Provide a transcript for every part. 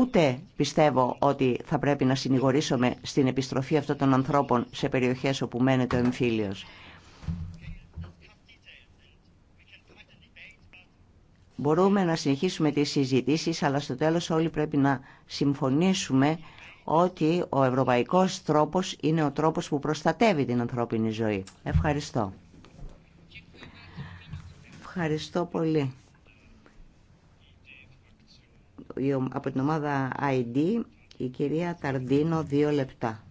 Ούτε πιστεύω ότι θα πρέπει να συνηγορήσουμε στην επιστροφή αυτών των ανθρώπων σε περιοχές όπου μένεται ο εμφύλιος. Μπορούμε να συνεχίσουμε τις συζητήσεις, αλλά στο τέλος όλοι πρέπει να συμφωνήσουμε ότι ο ευρωπαϊκός τρόπος είναι ο τρόπος που προστατεύει την ανθρώπινη ζωή. Ευχαριστώ. Ευχαριστώ πολύ από την ομάδα ID η κυρία Ταρδίνο, δύο λεπτά.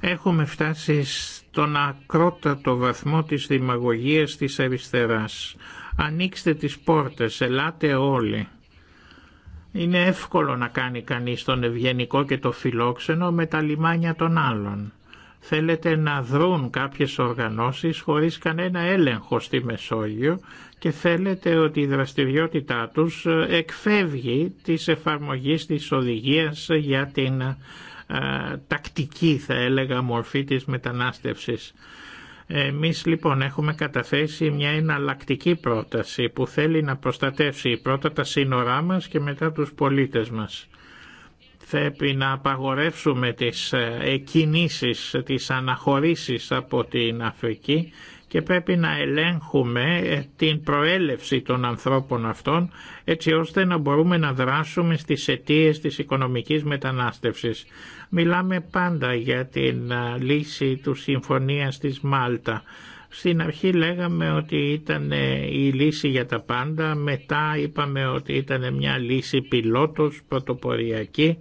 Έχουμε φτάσει στον ακρότατο βαθμό της δημαγωγίας της αριστεράς. Ανοίξτε τις πόρτες, ελάτε όλοι. Είναι εύκολο να κάνει κανείς τον ευγενικό και το φιλόξενο με τα λιμάνια των άλλων. Θέλετε να δρουν κάποιες οργανώσεις χωρίς κανένα έλεγχο στη Μεσόγειο και θέλετε ότι η δραστηριότητά τους εκφεύγει της εφαρμογής της οδηγίας για την ε, τακτική θα έλεγα μορφή της μετανάστευσης. Εμείς λοιπόν έχουμε καταθέσει μια εναλλακτική πρόταση που θέλει να προστατεύσει πρώτα τα σύνορά μας και μετά τους πολίτες μας. Πρέπει να απαγορεύσουμε τις ε, εκκινήσεις, τις αναχωρήσεις από την Αφρική και πρέπει να ελέγχουμε ε, την προέλευση των ανθρώπων αυτών έτσι ώστε να μπορούμε να δράσουμε στις αιτίε της οικονομικής μετανάστευσης. Μιλάμε πάντα για την ε, λύση του Συμφωνίας της Μάλτα στην αρχή λέγαμε ότι ήταν ε, η λύση για τα πάντα, μετά είπαμε ότι ήταν μια λύση πιλότος πρωτοποριακή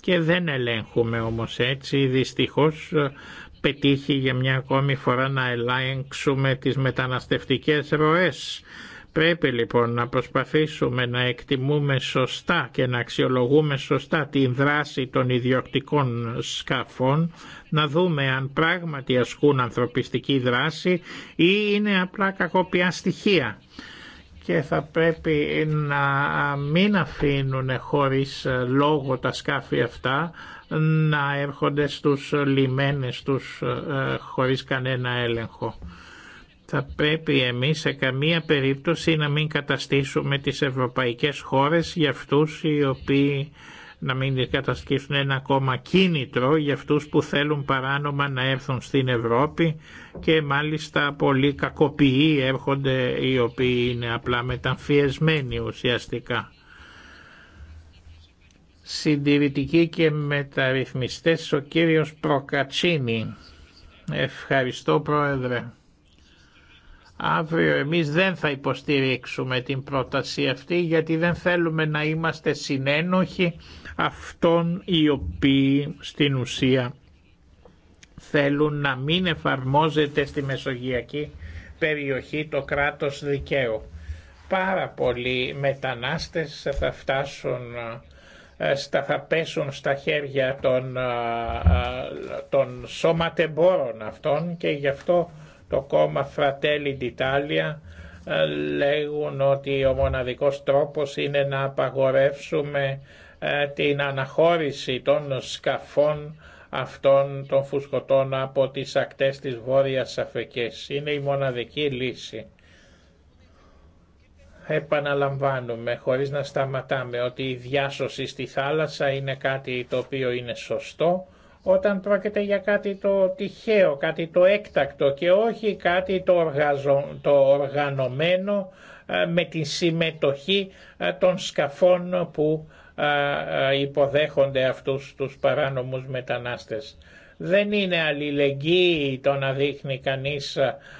και δεν ελέγχουμε όμως έτσι. Δυστυχώς ε, πετύχει για μια ακόμη φορά να ελέγξουμε τις μεταναστευτικές ροές Πρέπει λοιπόν να προσπαθήσουμε να εκτιμούμε σωστά και να αξιολογούμε σωστά την δράση των ιδιοκτικών σκαφών, να δούμε αν πράγματι ασκούν ανθρωπιστική δράση ή είναι απλά κακοπιά στοιχεία. Και θα πρέπει να μην αφήνουν χωρίς λόγο τα σκάφη αυτά να έρχονται στους λιμένες τους ε, χωρίς κανένα έλεγχο θα πρέπει εμείς σε καμία περίπτωση να μην καταστήσουμε τις ευρωπαϊκές χώρες για αυτούς οι οποίοι να μην κατασκήσουν ένα ακόμα κίνητρο για αυτούς που θέλουν παράνομα να έρθουν στην Ευρώπη και μάλιστα πολύ κακοποιοί έρχονται οι οποίοι είναι απλά μεταμφιεσμένοι ουσιαστικά. Συντηρητικοί και μεταρρυθμιστές ο κύριος Προκατσίνη. Ευχαριστώ πρόεδρε. Αύριο εμείς δεν θα υποστηρίξουμε την πρόταση αυτή γιατί δεν θέλουμε να είμαστε συνένοχοι αυτών οι οποίοι στην ουσία θέλουν να μην εφαρμόζεται στη Μεσογειακή περιοχή το κράτος δικαίου. Πάρα πολλοί μετανάστες θα φτάσουν ε, θα πέσουν στα χέρια των, ε, ε, των σώματεμπόρων αυτών και γι' αυτό το κόμμα Fratelli d'Italia ε, λέγουν ότι ο μοναδικός τρόπος είναι να απαγορεύσουμε ε, την αναχώρηση των σκαφών αυτών των φουσκωτών από τις ακτές της Βόρειας Αφρικής. Είναι η μοναδική λύση. Επαναλαμβάνουμε χωρίς να σταματάμε ότι η διάσωση στη θάλασσα είναι κάτι το οποίο είναι σωστό όταν πρόκειται για κάτι το τυχαίο, κάτι το έκτακτο και όχι κάτι το, οργανωμένο ε, με τη συμμετοχή ε, των σκαφών που ε, υποδέχονται αυτούς τους παράνομους μετανάστες. Δεν είναι αλληλεγγύη το να δείχνει κανείς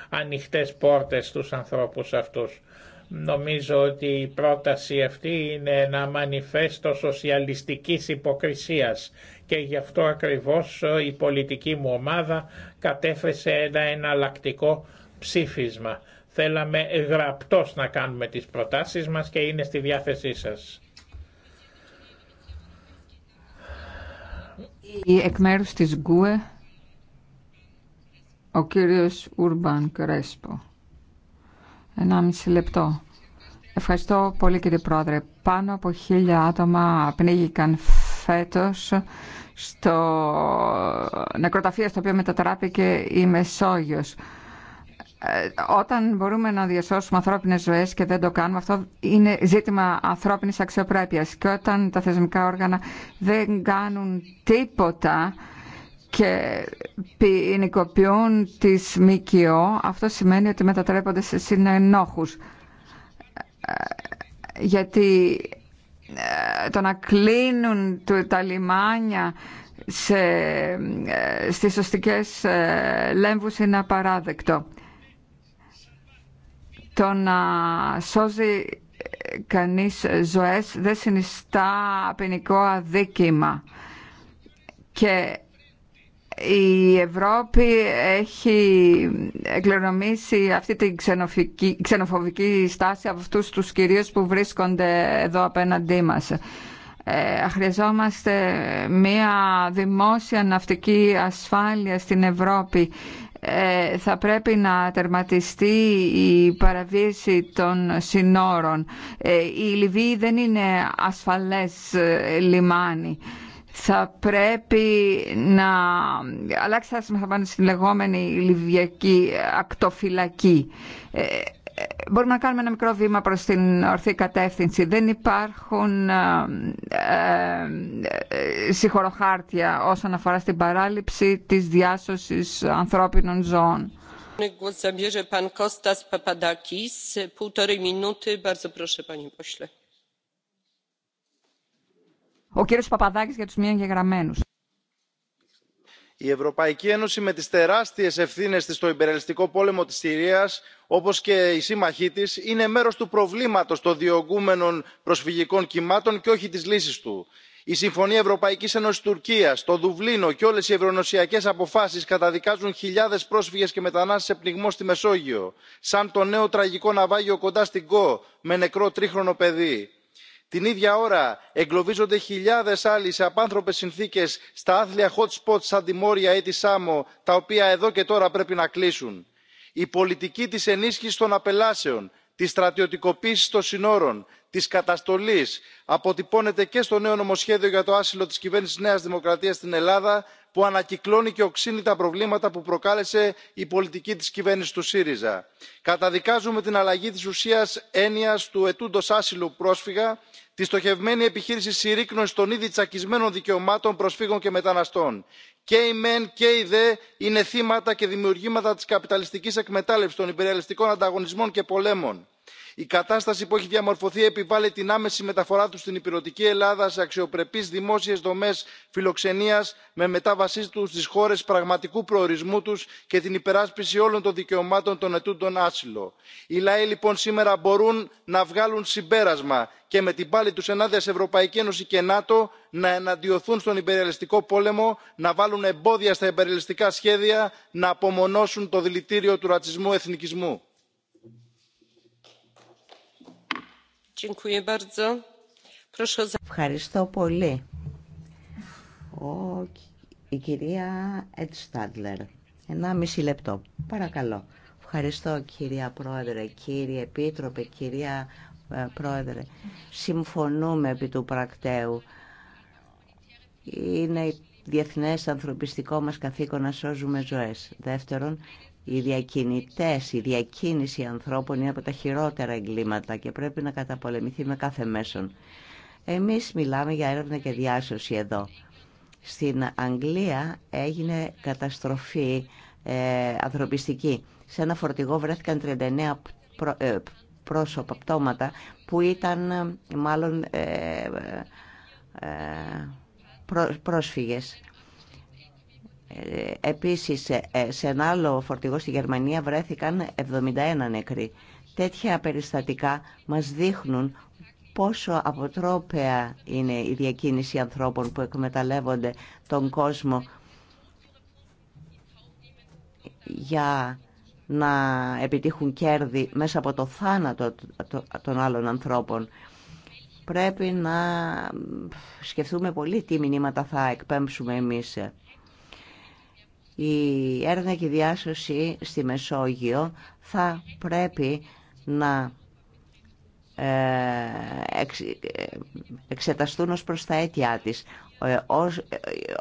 ανοιχτές πόρτες στους ανθρώπους αυτούς. Νομίζω ότι η πρόταση αυτή είναι ένα μανιφέστο σοσιαλιστικής υποκρισίας και γι' αυτό ακριβώς ε, η πολιτική μου ομάδα κατέφεσε ένα εναλλακτικό ψήφισμα. Θέλαμε γραπτός να κάνουμε τις προτάσεις μας και είναι στη διάθεσή σας. Η εκ μέρους της ΓΚΟΕ, ο κύριος Ουρμπαν Κρέσπο. μισή λεπτό. Ευχαριστώ πολύ κύριε Πρόεδρε. Πάνω από χίλια άτομα πνίγηκαν φέτος στο νεκροταφείο στο οποίο μετατράπηκε η Μεσόγειος. Ε, όταν μπορούμε να διασώσουμε ανθρώπινε ζωέ και δεν το κάνουμε, αυτό είναι ζήτημα ανθρώπινη αξιοπρέπεια. Και όταν τα θεσμικά όργανα δεν κάνουν τίποτα και ποινικοποιούν τις ΜΚΟ, αυτό σημαίνει ότι μετατρέπονται σε συνενόχου. Ε, γιατί ε, το να κλείνουν τα λιμάνια σε, ε, στις σωστικές ε, λέμβους είναι απαράδεκτο. Το να σώζει κανείς ζωές δεν συνιστά ποινικό αδίκημα και η Ευρώπη έχει εκλεονομήσει αυτή την ξενοφοβική στάση από αυτούς τους κυρίους που βρίσκονται εδώ απέναντί μας. Ε, χρειαζόμαστε μια δημόσια ναυτική ασφάλεια στην Ευρώπη. Ε, θα πρέπει να τερματιστεί η παραβίαση των συνόρων. Ε, η Λιβύη δεν είναι ασφαλές ε, λιμάνι θα πρέπει να αλλάξει θα πάνε στην λεγόμενη Λιβιακή ακτοφυλακή. Ε, μπορούμε να κάνουμε ένα μικρό βήμα προς την ορθή κατεύθυνση. Δεν υπάρχουν ε, ε, ε συγχωροχάρτια όσον αφορά στην παράληψη της διάσωσης ανθρώπινων ζώων. Głos zabierze pan Kostas Papadakis. Półtorej minuty. Bardzo proszę, panie pośle. Ο κύριος Παπαδάκης για τους μη εγγεγραμμένους. Η Ευρωπαϊκή Ένωση με τις τεράστιες ευθύνες της στο υπερελιστικό πόλεμο της Συρίας, όπως και η σύμμαχή της, είναι μέρος του προβλήματος των διωγγούμενων προσφυγικών κυμάτων και όχι της λύσης του. Η Συμφωνία Ευρωπαϊκή Ένωση Τουρκία, το Δουβλίνο και όλε οι ευρωνοσιακέ αποφάσει καταδικάζουν χιλιάδε πρόσφυγε και μετανάστε σε πνιγμό στη Μεσόγειο, σαν το νέο τραγικό ναυάγιο κοντά στην Κο, με νεκρό τρίχρονο παιδί την ίδια ώρα εγκλωβίζονται χιλιάδες άλλοι σε απάνθρωπες συνθήκες στα άθλια hot spots σαν τη μόρια ή τη σάμο τα οποία εδώ και τώρα πρέπει να κλείσουν. η πολιτική της ενίσχυσης των απελάσεων της στρατιωτικοποίησης των συνόρων της καταστολής αποτυπώνεται και στο νέο νομοσχέδιο για το άσυλο της κυβέρνηση νέας δημοκρατίας στην ελλάδα που ανακυκλώνει και οξύνει τα προβλήματα που προκάλεσε η πολιτική της κυβέρνησης του σύριζα. καταδικάζουμε την αλλαγή της ουσίας έννοιας του αιτούντος άσυλου πρόσφυγα τη στοχευμένη επιχείρηση συρρήκνωσης των ήδη τσακισμένων δικαιωμάτων προσφύγων και μεταναστών. και οι μεν και οι δε είναι θύματα και δημιουργήματα της καπιταλιστικής εκμετάλλευσης των υπεριαλιστικών ανταγωνισμών και πολέμων η κατάσταση που έχει διαμορφωθεί επιβάλλει την άμεση μεταφορά του στην υπηρετική ελλάδα σε αξιοπρεπείς δημόσιες δομές φιλοξενίας με μετάβασή του στις χώρες πραγματικού προορισμού του και την υπεράσπιση όλων των δικαιωμάτων των ετούντων άσυλο. οι λαοί λοιπόν σήμερα μπορούν να βγάλουν συμπέρασμα και με την πάλη του ενάντια σε ευρωπαϊκή ένωση και νάτο να εναντιωθούν στον υπεριαλιστικό πόλεμο να βάλουν εμπόδια στα υπεριαλιστικά σχέδια να απομονώσουν το δηλητήριο του ρατσισμού εθνικισμού. Ευχαριστώ πολύ. Ο, η κυρία Ετστάντλερ. Ένα μισή λεπτό. Παρακαλώ. Ευχαριστώ κυρία Πρόεδρε, κύριε Επίτροπε, κυρία ε, Πρόεδρε. Συμφωνούμε επί του πρακτέου. Είναι διεθνές ανθρωπιστικό μας καθήκον να σώζουμε ζωές. Δεύτερον, οι διακινητές, η διακίνηση ανθρώπων είναι από τα χειρότερα εγκλήματα και πρέπει να καταπολεμηθεί με κάθε μέσον. Εμείς μιλάμε για έρευνα και διάσωση εδώ. Στην Αγγλία έγινε καταστροφή ε, ανθρωπιστική. Σε ένα φορτηγό βρέθηκαν 39 ε, πρόσωπα, πτώματα, που ήταν μάλλον ε, πρόσφυγες Επίσης, ε, σε ένα άλλο φορτηγό στη Γερμανία βρέθηκαν 71 νεκροί. Τέτοια περιστατικά μας δείχνουν πόσο αποτρόπαια είναι η διακίνηση ανθρώπων που εκμεταλλεύονται τον κόσμο για να επιτύχουν κέρδη μέσα από το θάνατο των άλλων ανθρώπων. Πρέπει να σκεφτούμε πολύ τι μηνύματα θα εκπέμψουμε εμείς η έρευνα και η διάσωση στη Μεσόγειο θα πρέπει να ε, εξεταστούν ως προς τα αίτια της. Ε,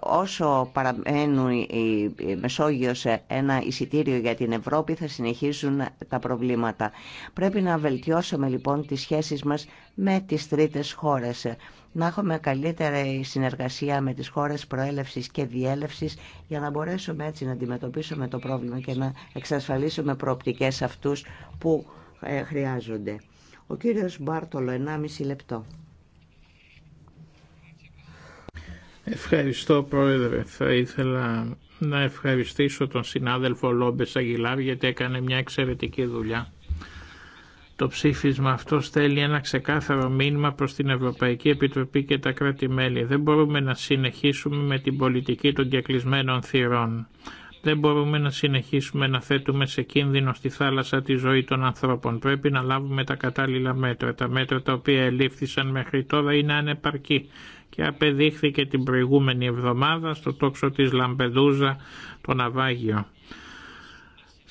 όσο παραμένουν η Μεσόγειος ένα εισιτήριο για την Ευρώπη θα συνεχίζουν τα προβλήματα. Πρέπει να βελτιώσουμε λοιπόν τις σχέσεις μας με τις τρίτες χώρες να έχουμε καλύτερη συνεργασία με τις χώρες προέλευσης και διέλευσης για να μπορέσουμε έτσι να αντιμετωπίσουμε το πρόβλημα και να εξασφαλίσουμε προοπτικές αυτούς που ε, χρειάζονται. Ο κύριος Μπάρτολο, 1,5 λεπτό. Ευχαριστώ Πρόεδρε. Θα ήθελα να ευχαριστήσω τον συνάδελφο Λόμπε Αγγιλάρ γιατί έκανε μια εξαιρετική δουλειά το ψήφισμα αυτό στέλνει ένα ξεκάθαρο μήνυμα προς την Ευρωπαϊκή Επιτροπή και τα κράτη-μέλη. Δεν μπορούμε να συνεχίσουμε με την πολιτική των κεκλεισμένων θυρών. Δεν μπορούμε να συνεχίσουμε να θέτουμε σε κίνδυνο στη θάλασσα τη ζωή των ανθρώπων. Πρέπει να λάβουμε τα κατάλληλα μέτρα. Τα μέτρα τα οποία ελήφθησαν μέχρι τώρα είναι ανεπαρκή και απεδείχθηκε την προηγούμενη εβδομάδα στο τόξο της Λαμπεδούζα το ναυάγιο.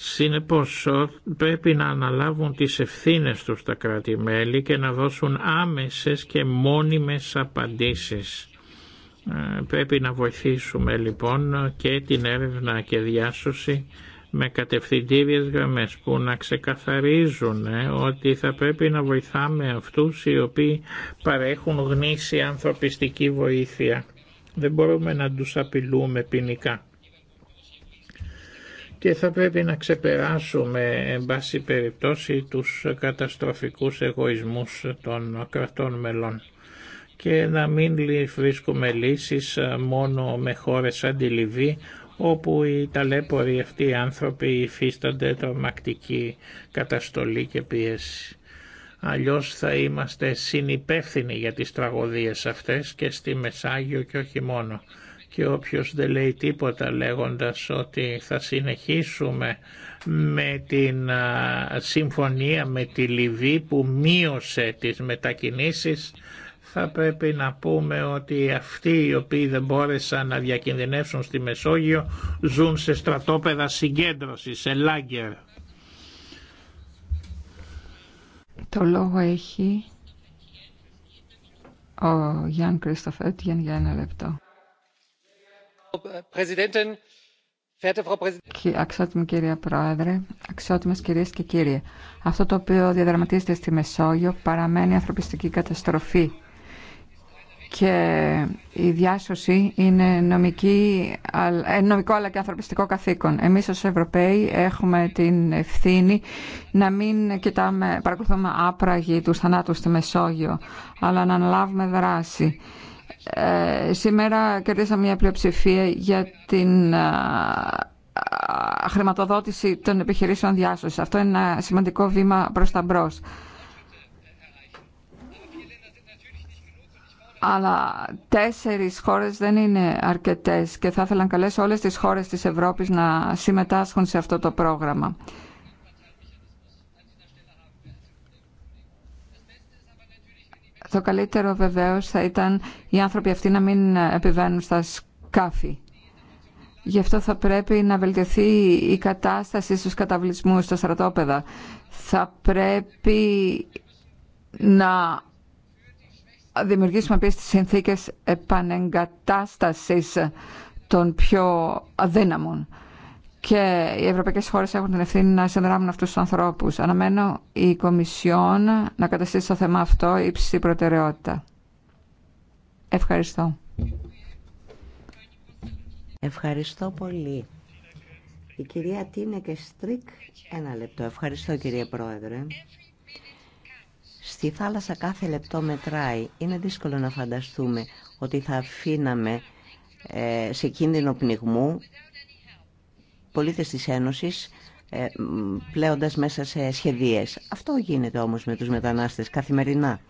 Συνεπώς ε, πρέπει να αναλάβουν τις ευθύνες τους τα κράτη-μέλη και να δώσουν άμεσες και μόνιμες απαντήσεις. Ε, πρέπει να βοηθήσουμε λοιπόν και την έρευνα και διάσωση με κατευθυντήριες γραμμές που να ξεκαθαρίζουν ε, ότι θα πρέπει να βοηθάμε αυτούς οι οποίοι παρέχουν γνήσια ανθρωπιστική βοήθεια. Δεν μπορούμε να τους απειλούμε ποινικά και θα πρέπει να ξεπεράσουμε εν πάση περιπτώσει τους καταστροφικούς εγωισμούς των κρατών μελών και να μην βρίσκουμε λύσεις ε, μόνο με χώρες σαν τη Λιβύη όπου οι ταλέποροι αυτοί οι άνθρωποι υφίστανται τρομακτική καταστολή και πίεση. Αλλιώς θα είμαστε συνυπεύθυνοι για τις τραγωδίες αυτές και στη Μεσάγειο και όχι μόνο και όποιος δεν λέει τίποτα λέγοντας ότι θα συνεχίσουμε με την συμφωνία με τη Λιβύη που μείωσε τις μετακινήσεις θα πρέπει να πούμε ότι αυτοί οι οποίοι δεν μπόρεσαν να διακινδυνεύσουν στη Μεσόγειο ζουν σε στρατόπεδα συγκέντρωσης, σε λάγκερ. Το λόγο έχει ο Γιάνν Κρίστοφ για ένα λεπτό. Αξιότιμη κυρία Πρόεδρε, αξιότιμε κυρίε και κύριοι, αυτό το οποίο διαδραματίζεται στη Μεσόγειο παραμένει ανθρωπιστική καταστροφή και η διάσωση είναι νομική, ε, νομικό αλλά και ανθρωπιστικό καθήκον. Εμείς ως Ευρωπαίοι έχουμε την ευθύνη να μην κοιτάμε, παρακολουθούμε άπραγοι τους θανάτους στη Μεσόγειο, αλλά να αναλάβουμε δράση. Ε, σήμερα κερδίσαμε μια πλειοψηφία για την χρηματοδότηση των επιχειρήσεων διάσωση. Αυτό είναι ένα σημαντικό βήμα προς τα μπρο. Αλλά τέσσερις χώρες δεν είναι αρκετές και θα ήθελα να όλες τις χώρες της Ευρώπης να συμμετάσχουν σε αυτό το πρόγραμμα. Το καλύτερο βεβαίως θα ήταν οι άνθρωποι αυτοί να μην επιβαίνουν στα σκάφη. Γι' αυτό θα πρέπει να βελτιωθεί η κατάσταση στους καταβλισμούς, στα στρατόπεδα. Θα πρέπει να δημιουργήσουμε επίσης τις συνθήκες επανεγκατάστασης των πιο αδύναμων και οι ευρωπαϊκές χώρες έχουν την ευθύνη να συνδράμουν αυτούς τους ανθρώπους. Αναμένω η Κομισιόν να καταστήσει το θέμα αυτό ύψιστη προτεραιότητα. Ευχαριστώ. Ευχαριστώ πολύ. Η κυρία Τίνε Στρίκ, ένα λεπτό. Ευχαριστώ κύριε Πρόεδρε. Στη θάλασσα κάθε λεπτό μετράει. Είναι δύσκολο να φανταστούμε ότι θα αφήναμε ε, σε κίνδυνο πνιγμού πολίτες της Ένωσης ε, πλέοντας μέσα σε σχεδίες. Αυτό γίνεται όμως με τους μετανάστες καθημερινά.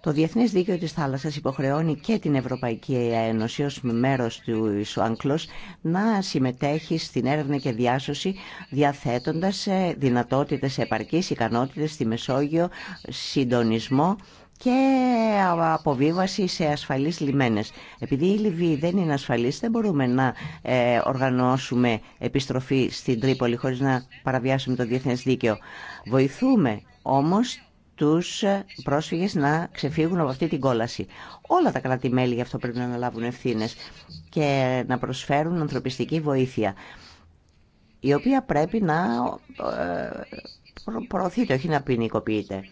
Το Διεθνές Δίκαιο της Θάλασσας υποχρεώνει και την Ευρωπαϊκή Ένωση ως μέρος του Ισουάνκλος να συμμετέχει στην έρευνα και διάσωση διαθέτοντας ε, δυνατότητες επαρκής, ικανότητες στη Μεσόγειο, συντονισμό και αποβίβαση σε ασφαλείς λιμένες. Επειδή η Λιβύη δεν είναι ασφαλής, δεν μπορούμε να ε, οργανώσουμε επιστροφή στην Τρίπολη χωρίς να παραβιάσουμε το διεθνές δίκαιο. Βοηθούμε όμως τους πρόσφυγες να ξεφύγουν από αυτή την κόλαση. Όλα τα κράτη-μέλη γι' αυτό πρέπει να αναλάβουν ευθύνε και να προσφέρουν ανθρωπιστική βοήθεια, η οποία πρέπει να ε, προωθείται, όχι να ποινικοποιείται.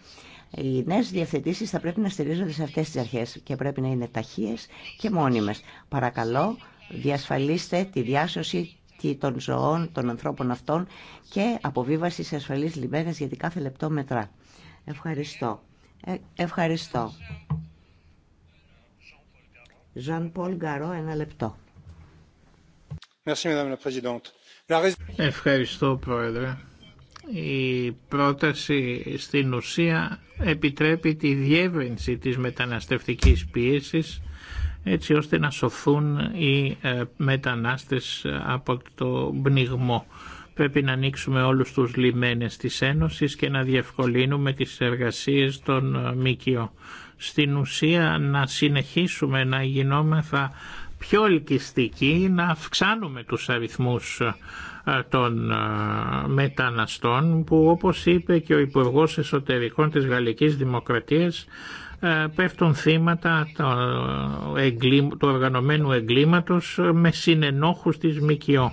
Οι νέε διευθετήσει θα πρέπει να στηρίζονται σε αυτέ τι αρχέ και πρέπει να είναι ταχείε και μόνιμε. Παρακαλώ, διασφαλίστε τη διάσωση των ζωών των ανθρώπων αυτών και αποβίβαση σε ασφαλεί λιμένε γιατί κάθε λεπτό μετρά. Ευχαριστώ. Ε, ευχαριστώ. Ζαν Πολ Γκαρό, ένα λεπτό. Ευχαριστώ, Πρόεδρε. Η πρόταση στην ουσία επιτρέπει τη διεύρυνση της μεταναστευτικής πίεσης έτσι ώστε να σωθούν οι ε, μετανάστες ε, από το πνιγμό. Πρέπει να ανοίξουμε όλους τους λιμένες της Ένωσης και να διευκολύνουμε τις εργασίες των ε, ΜΚΙΟ. Στην ουσία να συνεχίσουμε να γινόμεθα πιο ελκυστικοί, να αυξάνουμε τους αριθμούς ε, των ε, μεταναστών που όπως είπε και ο Υπουργός Εσωτερικών της Γαλλικής Δημοκρατίας ε, πέφτουν θύματα του οργανωμένου εγκλήματος με συνενόχους της ΜΚΟ.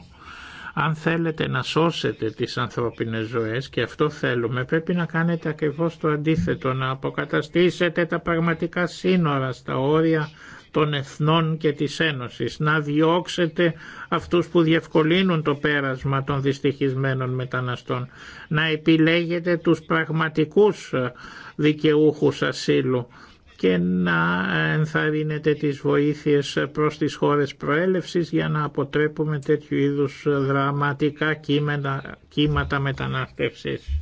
Αν θέλετε να σώσετε τις ανθρώπινες ζωές και αυτό θέλουμε πρέπει να κάνετε ακριβώς το αντίθετο, να αποκαταστήσετε τα πραγματικά σύνορα στα όρια των Εθνών και της Ένωσης, να διώξετε αυτούς που διευκολύνουν το πέρασμα των δυστυχισμένων μεταναστών, να επιλέγετε τους πραγματικούς ε, δικαιούχους ασύλου και να ενθαρρύνετε τις βοήθειες προς τις χώρες προέλευσης για να αποτρέπουμε τέτοιου είδους δραματικά κύματα, κύματα μετανάστευσης.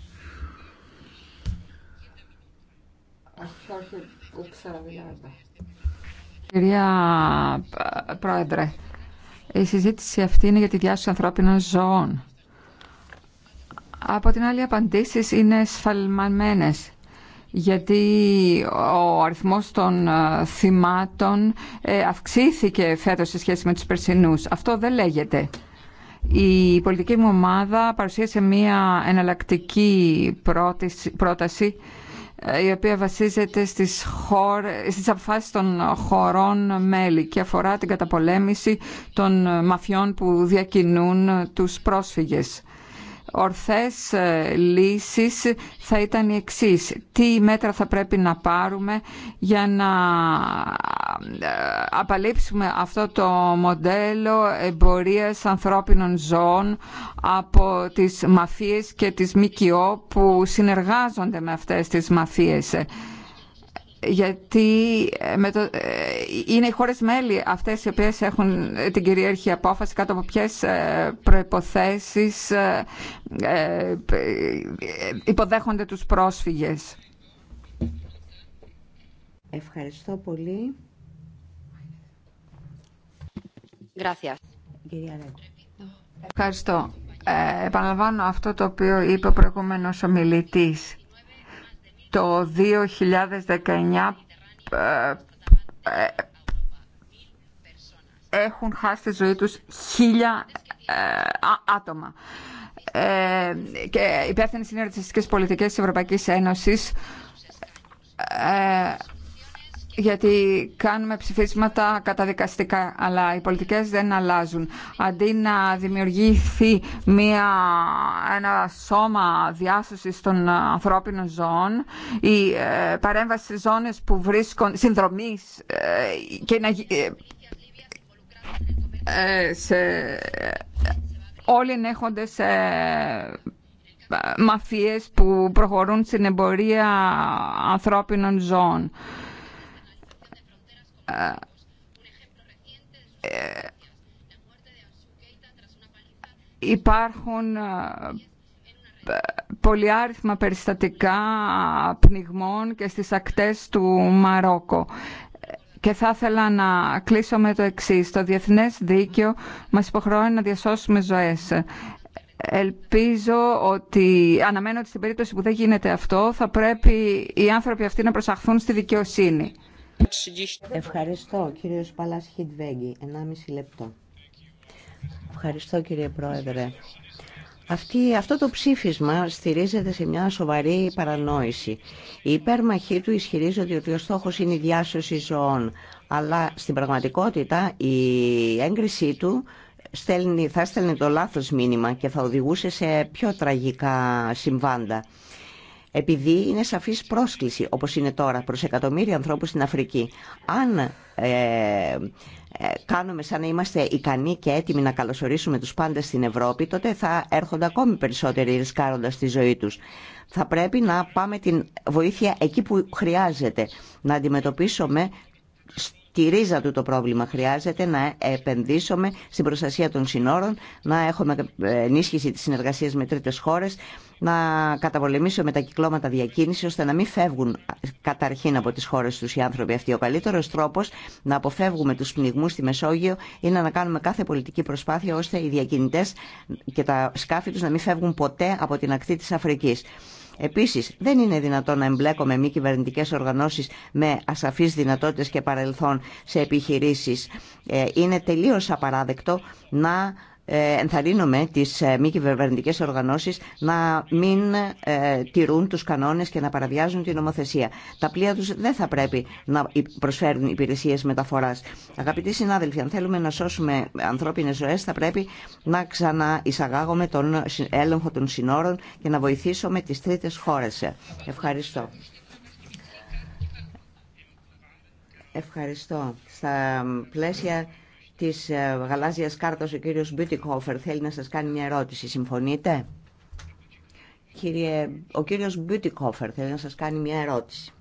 Κυρία Πρόεδρε, η συζήτηση αυτή είναι για τη διάσωση ανθρώπινων ζωών. Από την άλλη, οι απαντήσεις είναι σφαλμανμένες γιατί ο αριθμός των ε, θυμάτων ε, αυξήθηκε φέτος σε σχέση με τους περσινούς. Αυτό δεν λέγεται. Η πολιτική μου ομάδα παρουσίασε μία εναλλακτική πρόταση η οποία βασίζεται στις, χώρες, στις αποφάσεις των χωρών μέλη και αφορά την καταπολέμηση των μαφιών που διακινούν τους πρόσφυγες ορθές ε, λύσεις θα ήταν οι εξής. Τι μέτρα θα πρέπει να πάρουμε για να ε, απαλείψουμε αυτό το μοντέλο εμπορίας ανθρώπινων ζώων από τις μαφίες και τις ΜΚΟ που συνεργάζονται με αυτές τις μαφίες γιατί ε, με το, ε, είναι οι χώρες μέλη αυτές οι οποίες έχουν την κυρίαρχη απόφαση κάτω από ποιες ε, προϋποθέσεις υποδέχονται τους πρόσφυγες. Ευχαριστώ πολύ. Ευχαριστώ. Ε, επαναλαμβάνω αυτό το οποίο είπε ο προηγούμενος ομιλητής το 2019 ε, ε, έχουν χάσει τη ζωή τους χίλια ε, άτομα. και υπεύθυνη συνεργασία της πολιτικής της Ευρωπαϊκής Ένωσης γιατί κάνουμε ψηφίσματα καταδικαστικά, αλλά οι πολιτικές δεν αλλάζουν. Αντί να δημιουργηθεί μια, ένα σώμα διάσωσης των ανθρώπινων ζώων, η ε, παρέμβαση στις ζώνες που βρίσκονται συνδρομής ε, και να, ε, ε, σε, ε, όλοι ενέχονται σε μαφίες που προχωρούν στην εμπορία ανθρώπινων ζώων. Ε, υπάρχουν ε, πολυάριθμα περιστατικά πνιγμών και στις ακτές του Μαρόκο. Και θα ήθελα να κλείσω με το εξή. Το διεθνέ Δίκαιο μα υποχρεώνει να διασώσουμε ζωέ. Ελπίζω ότι, αναμένω ότι στην περίπτωση που δεν γίνεται αυτό, θα πρέπει οι άνθρωποι αυτοί να προσαχθούν στη δικαιοσύνη. Ευχαριστώ κύριος Παλάς Χιτβέγγι, λεπτό. Ευχαριστώ κύριε Πρόεδρε. Αυτή, αυτό το ψήφισμα στηρίζεται σε μια σοβαρή παρανόηση. Η υπέρμαχοί του ισχυρίζεται ότι ο στόχος είναι η διάσωση ζωών, αλλά στην πραγματικότητα η έγκρισή του στέλνει, θα στέλνει το λάθος μήνυμα και θα οδηγούσε σε πιο τραγικά συμβάντα επειδή είναι σαφής πρόσκληση όπως είναι τώρα προς εκατομμύρια ανθρώπους στην Αφρική. Αν ε, ε, κάνουμε σαν να είμαστε ικανοί και έτοιμοι να καλωσορίσουμε τους πάντες στην Ευρώπη, τότε θα έρχονται ακόμη περισσότεροι ρισκάροντας τη ζωή τους. Θα πρέπει να πάμε την βοήθεια εκεί που χρειάζεται, να αντιμετωπίσουμε τη ρίζα του το πρόβλημα. Χρειάζεται να επενδύσουμε στην προστασία των συνόρων, να έχουμε ενίσχυση της συνεργασίας με τρίτες χώρες, να καταπολεμήσουμε τα κυκλώματα διακίνηση ώστε να μην φεύγουν καταρχήν από τις χώρες τους οι άνθρωποι αυτοί. Ο καλύτερος τρόπος να αποφεύγουμε τους πνιγμούς στη Μεσόγειο είναι να κάνουμε κάθε πολιτική προσπάθεια ώστε οι διακινητέ και τα σκάφη του να μην φεύγουν ποτέ από την ακτή της Αφρικής. Επίσης, δεν είναι δυνατόν να εμπλέκομαι μη κυβερνητικέ οργανώσεις με ασαφείς δυνατότητε και παρελθόν σε επιχειρήσεις. Ε, είναι τελείως απαράδεκτο να ε, ενθαρρύνουμε τις ε, μη κυβερνητικέ οργανώσεις να μην ε, τηρούν τους κανόνες και να παραβιάζουν την νομοθεσία. Τα πλοία τους δεν θα πρέπει να προσφέρουν υπηρεσίες μεταφοράς. Αγαπητοί συνάδελφοι, αν θέλουμε να σώσουμε ανθρώπινες ζωές θα πρέπει να ξαναεισαγάγουμε τον έλεγχο των συνόρων και να βοηθήσουμε τις τρίτες χώρες. Ευχαριστώ. Ευχαριστώ. Στα πλαίσια της ε, γαλάζιας κάρτας ο κύριος Μπιουτικόφερ θέλει να σας κάνει μια ερώτηση. Συμφωνείτε? Κύριε, ο κύριος Μπιουτικόφερ θέλει να σας κάνει μια ερώτηση.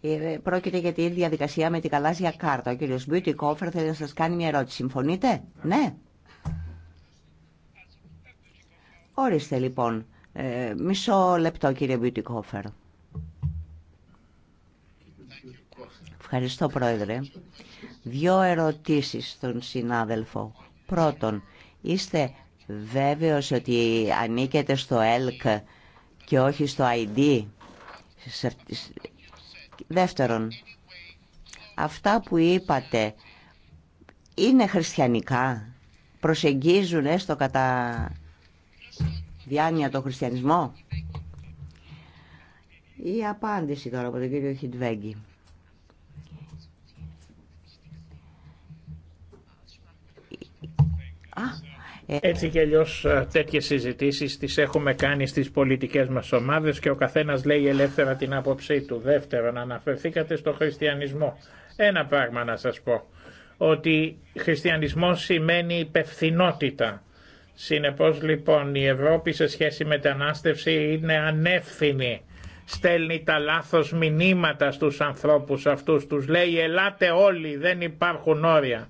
Ε, πρόκειται για τη διαδικασία με την γαλάζια κάρτα. Ο κύριος Μπιουτικόφερ θέλει να σας κάνει μια ερώτηση. Συμφωνείτε? Ναι. ναι. Ορίστε λοιπόν, ε, μισό λεπτό κύριε Μπιουτικόφερ. Ευχαριστώ πρόεδρε. Δύο ερωτήσεις στον συνάδελφο. Πρώτον, είστε βέβαιος ότι ανήκετε στο ΕΛΚ και όχι στο ID. Δεύτερον, αυτά που είπατε είναι χριστιανικά, προσεγγίζουν έστω κατά διάνοια το χριστιανισμό. Η απάντηση τώρα από τον κύριο Χιντβέγγι. Ε, Έτσι κι αλλιώ ε, τέτοιε συζητήσει τι έχουμε κάνει στι πολιτικέ μα ομάδε και ο καθένα λέει ελεύθερα την άποψή του. Δεύτερον, αναφερθήκατε στο χριστιανισμό. Ένα πράγμα να σα πω. Ότι χριστιανισμό σημαίνει υπευθυνότητα. Συνεπώς λοιπόν η Ευρώπη σε σχέση με μετανάστευση είναι ανεύθυνη. Στέλνει τα λάθος μηνύματα στους ανθρώπους αυτούς. Τους λέει ελάτε όλοι, δεν υπάρχουν όρια.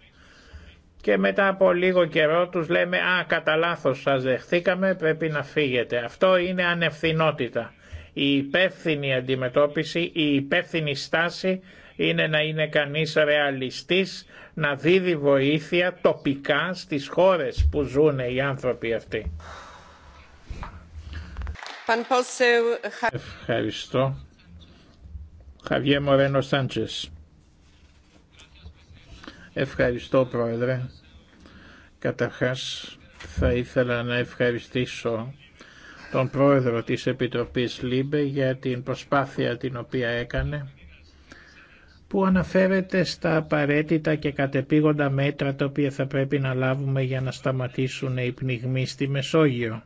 Και μετά από λίγο καιρό τους λέμε «Α, κατά λάθο σας δεχθήκαμε, πρέπει να φύγετε». Αυτό είναι ανευθυνότητα. Η υπεύθυνη αντιμετώπιση, η υπεύθυνη στάση είναι να είναι κανείς ρεαλιστής, να δίδει βοήθεια τοπικά στις χώρες που ζουν οι άνθρωποι αυτοί. Ευχαριστώ. Χαβιέ Μορένο Σάντσες. Ευχαριστώ Πρόεδρε. Καταρχάς θα ήθελα να ευχαριστήσω τον Πρόεδρο της Επιτροπής ΛΥΜΠΕ για την προσπάθεια την οποία έκανε που αναφέρεται στα απαραίτητα και κατεπήγοντα μέτρα τα οποία θα πρέπει να λάβουμε για να σταματήσουν οι πνιγμοί στη Μεσόγειο.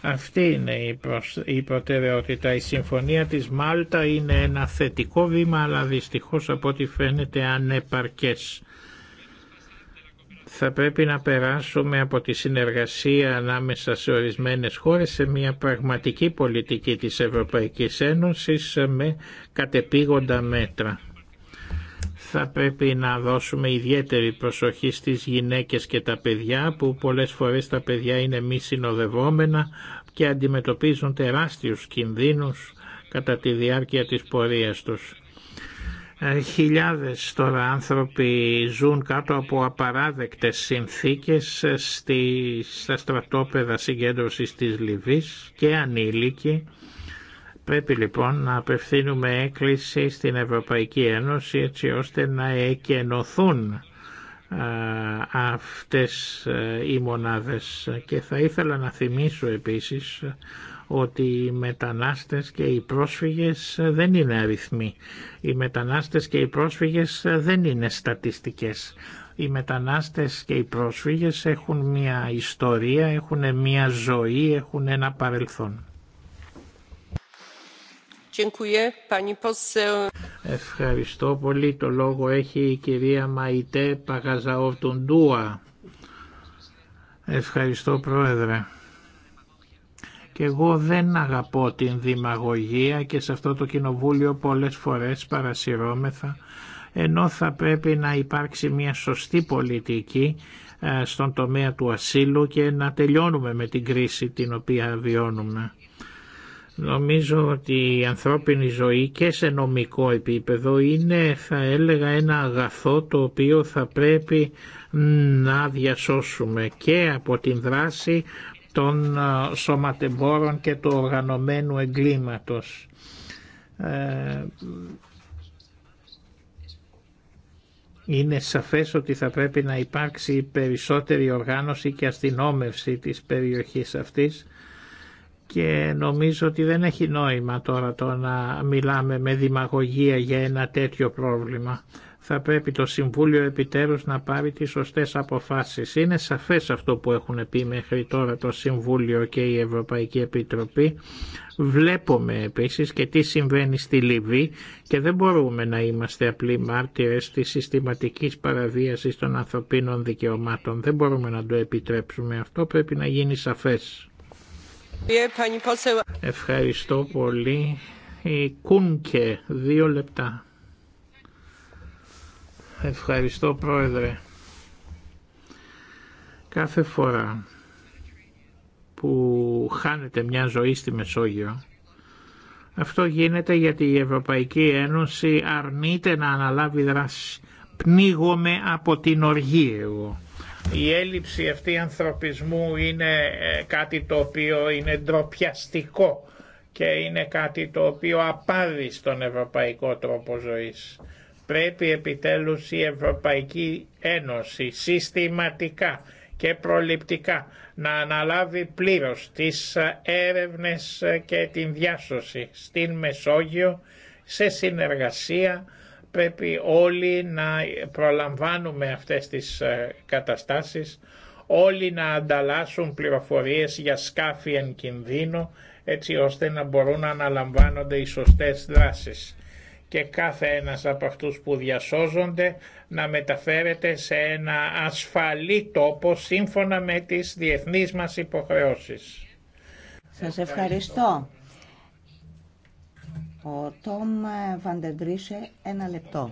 Αυτή είναι η, προσ... προτεραιότητα. Η συμφωνία της Μάλτα είναι ένα θετικό βήμα αλλά δυστυχώς από ό,τι φαίνεται ανεπαρκές. Θα πρέπει να περάσουμε από τη συνεργασία ανάμεσα σε ορισμένες χώρες σε μια πραγματική πολιτική της Ευρωπαϊκής Ένωσης με κατεπήγοντα μέτρα θα πρέπει να δώσουμε ιδιαίτερη προσοχή στις γυναίκες και τα παιδιά που πολλές φορές τα παιδιά είναι μη συνοδευόμενα και αντιμετωπίζουν τεράστιους κινδύνους κατά τη διάρκεια της πορείας τους. Ε, χιλιάδες τώρα άνθρωποι ζουν κάτω από απαράδεκτες συνθήκες ε, στη, στα στρατόπεδα συγκέντρωσης της Λιβύης και ανήλικοι Πρέπει λοιπόν να απευθύνουμε έκκληση στην Ευρωπαϊκή Ένωση έτσι ώστε να εκενωθούν αυτές ε, οι μονάδες και θα ήθελα να θυμίσω επίσης ότι οι μετανάστες και οι πρόσφυγες δεν είναι αριθμοί. Οι μετανάστες και οι πρόσφυγες δεν είναι στατιστικές. Οι μετανάστες και οι πρόσφυγες έχουν μια ιστορία, έχουν μια ζωή, έχουν ένα παρελθόν. Ευχαριστώ πολύ. Το λόγο έχει η κυρία Μαϊτέ Παγαζαοβτουντούα. Ευχαριστώ πρόεδρε. Και εγώ δεν αγαπώ την δημαγωγία και σε αυτό το κοινοβούλιο πολλές φορές παρασυρώμεθα ενώ θα πρέπει να υπάρξει μια σωστή πολιτική ε, στον τομέα του ασύλου και να τελειώνουμε με την κρίση την οποία βιώνουμε. Νομίζω ότι η ανθρώπινη ζωή και σε νομικό επίπεδο είναι θα έλεγα ένα αγαθό το οποίο θα πρέπει να διασώσουμε και από την δράση των ε, σωματεμπόρων και του οργανωμένου εγκλήματος. Ε, είναι σαφές ότι θα πρέπει να υπάρξει περισσότερη οργάνωση και αστυνόμευση της περιοχής αυτής και νομίζω ότι δεν έχει νόημα τώρα το να μιλάμε με δημαγωγία για ένα τέτοιο πρόβλημα. Θα πρέπει το Συμβούλιο επιτέλους να πάρει τις σωστές αποφάσεις. Είναι σαφές αυτό που έχουν πει μέχρι τώρα το Συμβούλιο και η Ευρωπαϊκή Επιτροπή. Βλέπουμε επίσης και τι συμβαίνει στη Λιβύη και δεν μπορούμε να είμαστε απλοί μάρτυρες της συστηματικής παραβίασης των ανθρωπίνων δικαιωμάτων. Δεν μπορούμε να το επιτρέψουμε. Αυτό πρέπει να γίνει σαφές. Ευχαριστώ πολύ. Η Κούνκε, δύο λεπτά. Ευχαριστώ πρόεδρε. Κάθε φορά που χάνεται μια ζωή στη Μεσόγειο, αυτό γίνεται γιατί η Ευρωπαϊκή Ένωση αρνείται να αναλάβει δράση. Πνίγομαι από την οργή εγώ. Η έλλειψη αυτή ανθρωπισμού είναι ε, κάτι το οποίο είναι ντροπιαστικό και είναι κάτι το οποίο απάδει στον ευρωπαϊκό τρόπο ζωής. Πρέπει επιτέλους η Ευρωπαϊκή Ένωση συστηματικά και προληπτικά να αναλάβει πλήρως τις ε, έρευνες ε, και την διάσωση στην Μεσόγειο σε συνεργασία πρέπει όλοι να προλαμβάνουμε αυτές τις ε, καταστάσεις, όλοι να ανταλλάσσουν πληροφορίες για σκάφη εν κινδύνο, έτσι ώστε να μπορούν να αναλαμβάνονται οι σωστές δράσεις και κάθε ένας από αυτούς που διασώζονται να μεταφέρεται σε ένα ασφαλή τόπο σύμφωνα με τις διεθνείς μας υποχρεώσεις. Σας ευχαριστώ. Ο Τόμ Βαντεντρίσε, ένα λεπτό.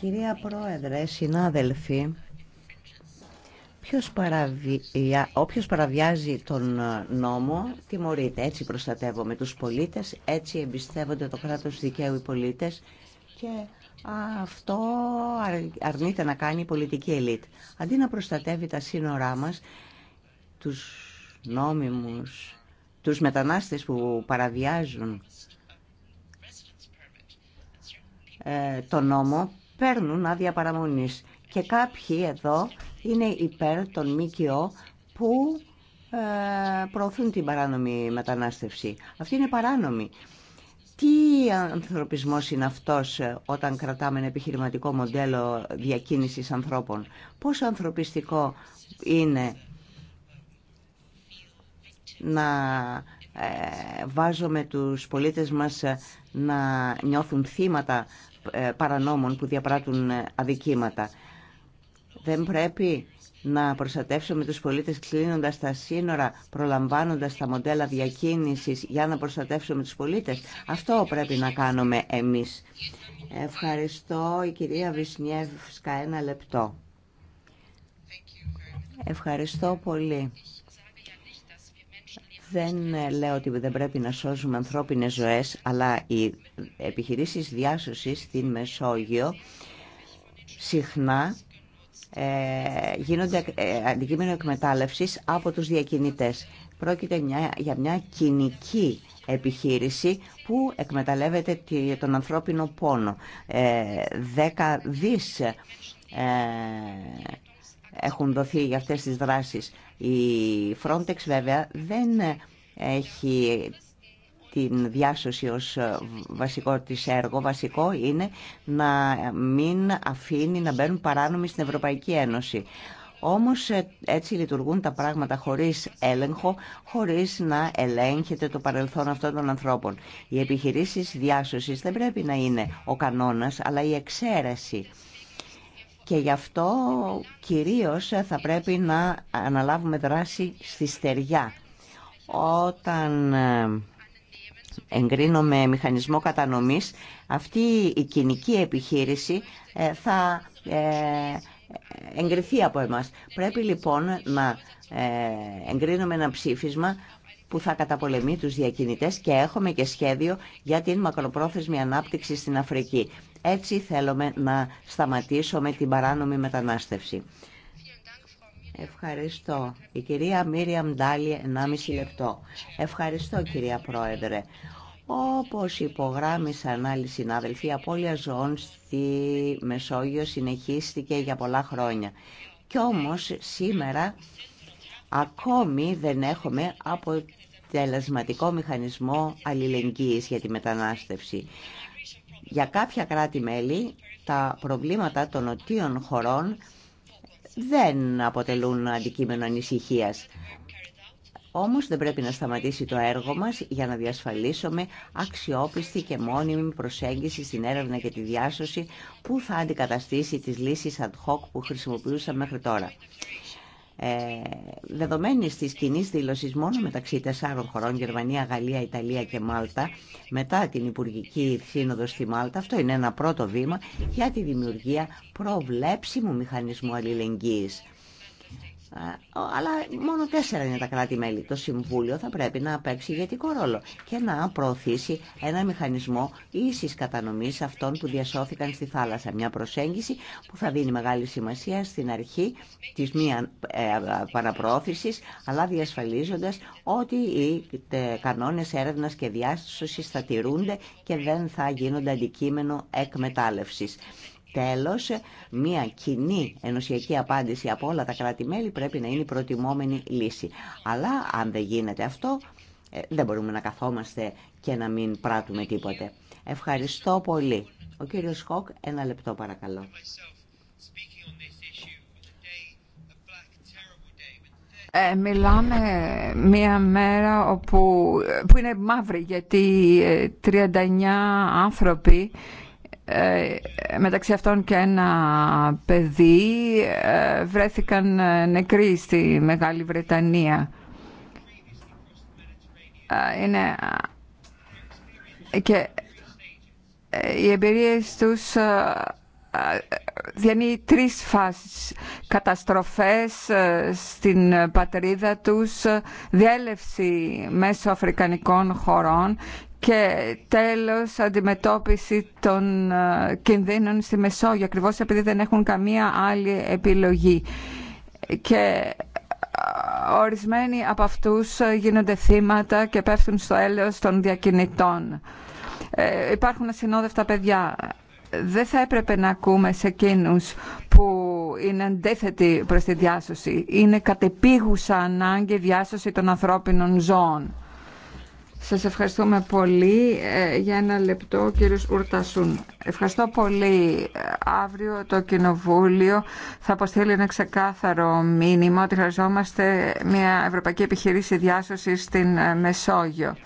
Κυρία Πρόεδρε, συνάδελφοι, ποιος παραβια... όποιος παραβιάζει τον νόμο τιμωρείται. Έτσι προστατεύουμε τους πολίτες, έτσι εμπιστεύονται το κράτος δικαίου οι πολίτες και αυτό αρνείται να κάνει η πολιτική ελίτ. Αντί να προστατεύει τα σύνορά μας, τους νόμιμους τους μετανάστες που παραβιάζουν ε, το νόμο παίρνουν άδεια παραμονής και κάποιοι εδώ είναι υπέρ των ΜΚΟ που ε, προωθούν την παράνομη μετανάστευση. Αυτή είναι παράνομη. Τι ανθρωπισμός είναι αυτός ε, όταν κρατάμε ένα επιχειρηματικό μοντέλο διακίνησης ανθρώπων. Πόσο ανθρωπιστικό είναι να ε, βάζουμε τους πολίτες μας ε, να νιώθουν θύματα ε, παρανόμων που διαπράττουν αδικήματα. Δεν πρέπει να προστατεύσουμε τους πολίτες κλείνοντας τα σύνορα, προλαμβάνοντας τα μοντέλα διακίνησης για να προστατεύσουμε τους πολίτες. Αυτό πρέπει να κάνουμε εμείς. Ευχαριστώ η κυρία Βυσνιεύσκα ένα λεπτό. Ευχαριστώ πολύ. Δεν λέω ότι δεν πρέπει να σώζουμε ανθρώπινες ζωές, αλλά οι επιχειρήσεις διάσωσης στην Μεσόγειο συχνά ε, γίνονται ε, αντικείμενο εκμετάλλευσης από τους διακινητές. Πρόκειται για μια κοινική επιχείρηση που εκμεταλλεύεται τον ανθρώπινο πόνο. Ε, δέκα δις έχουν δοθεί για αυτές τις δράσεις. Η Frontex βέβαια δεν έχει την διάσωση ως βασικό της έργο. Βασικό είναι να μην αφήνει να μπαίνουν παράνομοι στην Ευρωπαϊκή Ένωση. Όμως ε, έτσι λειτουργούν τα πράγματα χωρίς έλεγχο, χωρίς να ελέγχεται το παρελθόν αυτών των ανθρώπων. Οι επιχειρήσεις διάσωσης δεν πρέπει να είναι ο κανόνας, αλλά η εξαίρεση και γι' αυτό κυρίως θα πρέπει να αναλάβουμε δράση στη στεριά. Όταν ε, εγκρίνουμε μηχανισμό κατανομής, αυτή η κοινική επιχείρηση ε, θα ε, εγκριθεί από εμάς. Πρέπει λοιπόν να εγκρίνουμε ένα ψήφισμα που θα καταπολεμεί τους διακινητές και έχουμε και σχέδιο για την μακροπρόθεσμη ανάπτυξη στην Αφρική. Έτσι θέλουμε να σταματήσουμε την παράνομη μετανάστευση. Ευχαριστώ. Η κυρία Μίρια Μντάλη, 1,5 λεπτό. Ευχαριστώ κυρία Πρόεδρε. Όπως υπογράμμισαν άλλοι συνάδελφοι, η απώλεια ζωών στη Μεσόγειο συνεχίστηκε για πολλά χρόνια. Κι όμως σήμερα ακόμη δεν έχουμε αποτελεσματικό μηχανισμό αλληλεγγύης για τη μετανάστευση. Για κάποια κράτη-μέλη τα προβλήματα των νοτίων χωρών δεν αποτελούν αντικείμενο ανησυχίας. Όμως δεν πρέπει να σταματήσει το έργο μας για να διασφαλίσουμε αξιόπιστη και μόνιμη προσέγγιση στην έρευνα και τη διάσωση που θα αντικαταστήσει τις λύσεις ad hoc που χρησιμοποιούσαμε μέχρι τώρα ε, δεδομένης της κοινή δήλωση μόνο μεταξύ τεσσάρων χωρών, Γερμανία, Γαλλία, Ιταλία και Μάλτα, μετά την Υπουργική Σύνοδο στη Μάλτα, αυτό είναι ένα πρώτο βήμα για τη δημιουργία προβλέψιμου μηχανισμού αλληλεγγύης αλλά μόνο τέσσερα είναι τα κράτη-μέλη. Το Συμβούλιο θα πρέπει να παίξει ηγετικό ρόλο και να προωθήσει ένα μηχανισμό ίσης κατανομής αυτών που διασώθηκαν στη θάλασσα. Μια προσέγγιση που θα δίνει μεγάλη σημασία στην αρχή της μία ε, παραπρόθεση, αλλά διασφαλίζοντας ότι οι κανόνες έρευνα και διάσωσης θα τηρούνται και δεν θα γίνονται αντικείμενο εκμετάλλευση. Τέλος, μια κοινή ενωσιακή απάντηση από όλα τα κράτη-μέλη πρέπει να είναι η προτιμόμενη λύση. Αλλά αν δεν γίνεται αυτό, ε, δεν μπορούμε να καθόμαστε και να μην πράττουμε τίποτε. Ευχαριστώ πολύ. Ο κύριος Χοκ, ένα λεπτό παρακαλώ. Ε, μιλάμε μια μέρα όπου, που είναι μαύρη γιατί 39 ε, άνθρωποι ε, μεταξύ αυτών και ένα παιδί ε, βρέθηκαν ε, νεκροί στη Μεγάλη Βρετανία. Είναι... Και οι εμπειρίες τους διανύει τρεις φάσεις. Καταστροφές στην πατρίδα τους, διέλευση μέσω αφρικανικών χωρών και τέλος αντιμετώπιση των ε, κινδύνων στη Μεσόγειο ακριβώς επειδή δεν έχουν καμία άλλη επιλογή και ε, ορισμένοι από αυτούς ε, γίνονται θύματα και πέφτουν στο έλεος των διακινητών. υπάρχουν ασυνόδευτα παιδιά. Δεν θα έπρεπε να ακούμε σε εκείνου που είναι αντίθετοι προς τη διάσωση. Είναι κατεπίγουσα ανάγκη διάσωση των ανθρώπινων ζώων. Σας ευχαριστούμε πολύ. Ε, για ένα λεπτό, ο κύριος Ουρτασούν. Ευχαριστώ πολύ. Ε, αύριο το Κοινοβούλιο θα αποστείλει ένα ξεκάθαρο μήνυμα ότι χρειαζόμαστε μια ευρωπαϊκή επιχειρήση διάσωση στην ε, Μεσόγειο.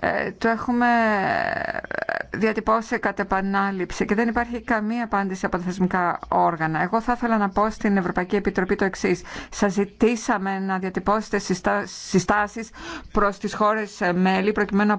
Ε, το έχουμε διατυπώσει κατ' επανάληψη και δεν υπάρχει καμία απάντηση από τα θεσμικά όργανα. Εγώ θα ήθελα να πω στην Ευρωπαϊκή Επιτροπή το εξή. Σα ζητήσαμε να διατυπώσετε συστάσει προ τι χώρε μέλη προκειμένου να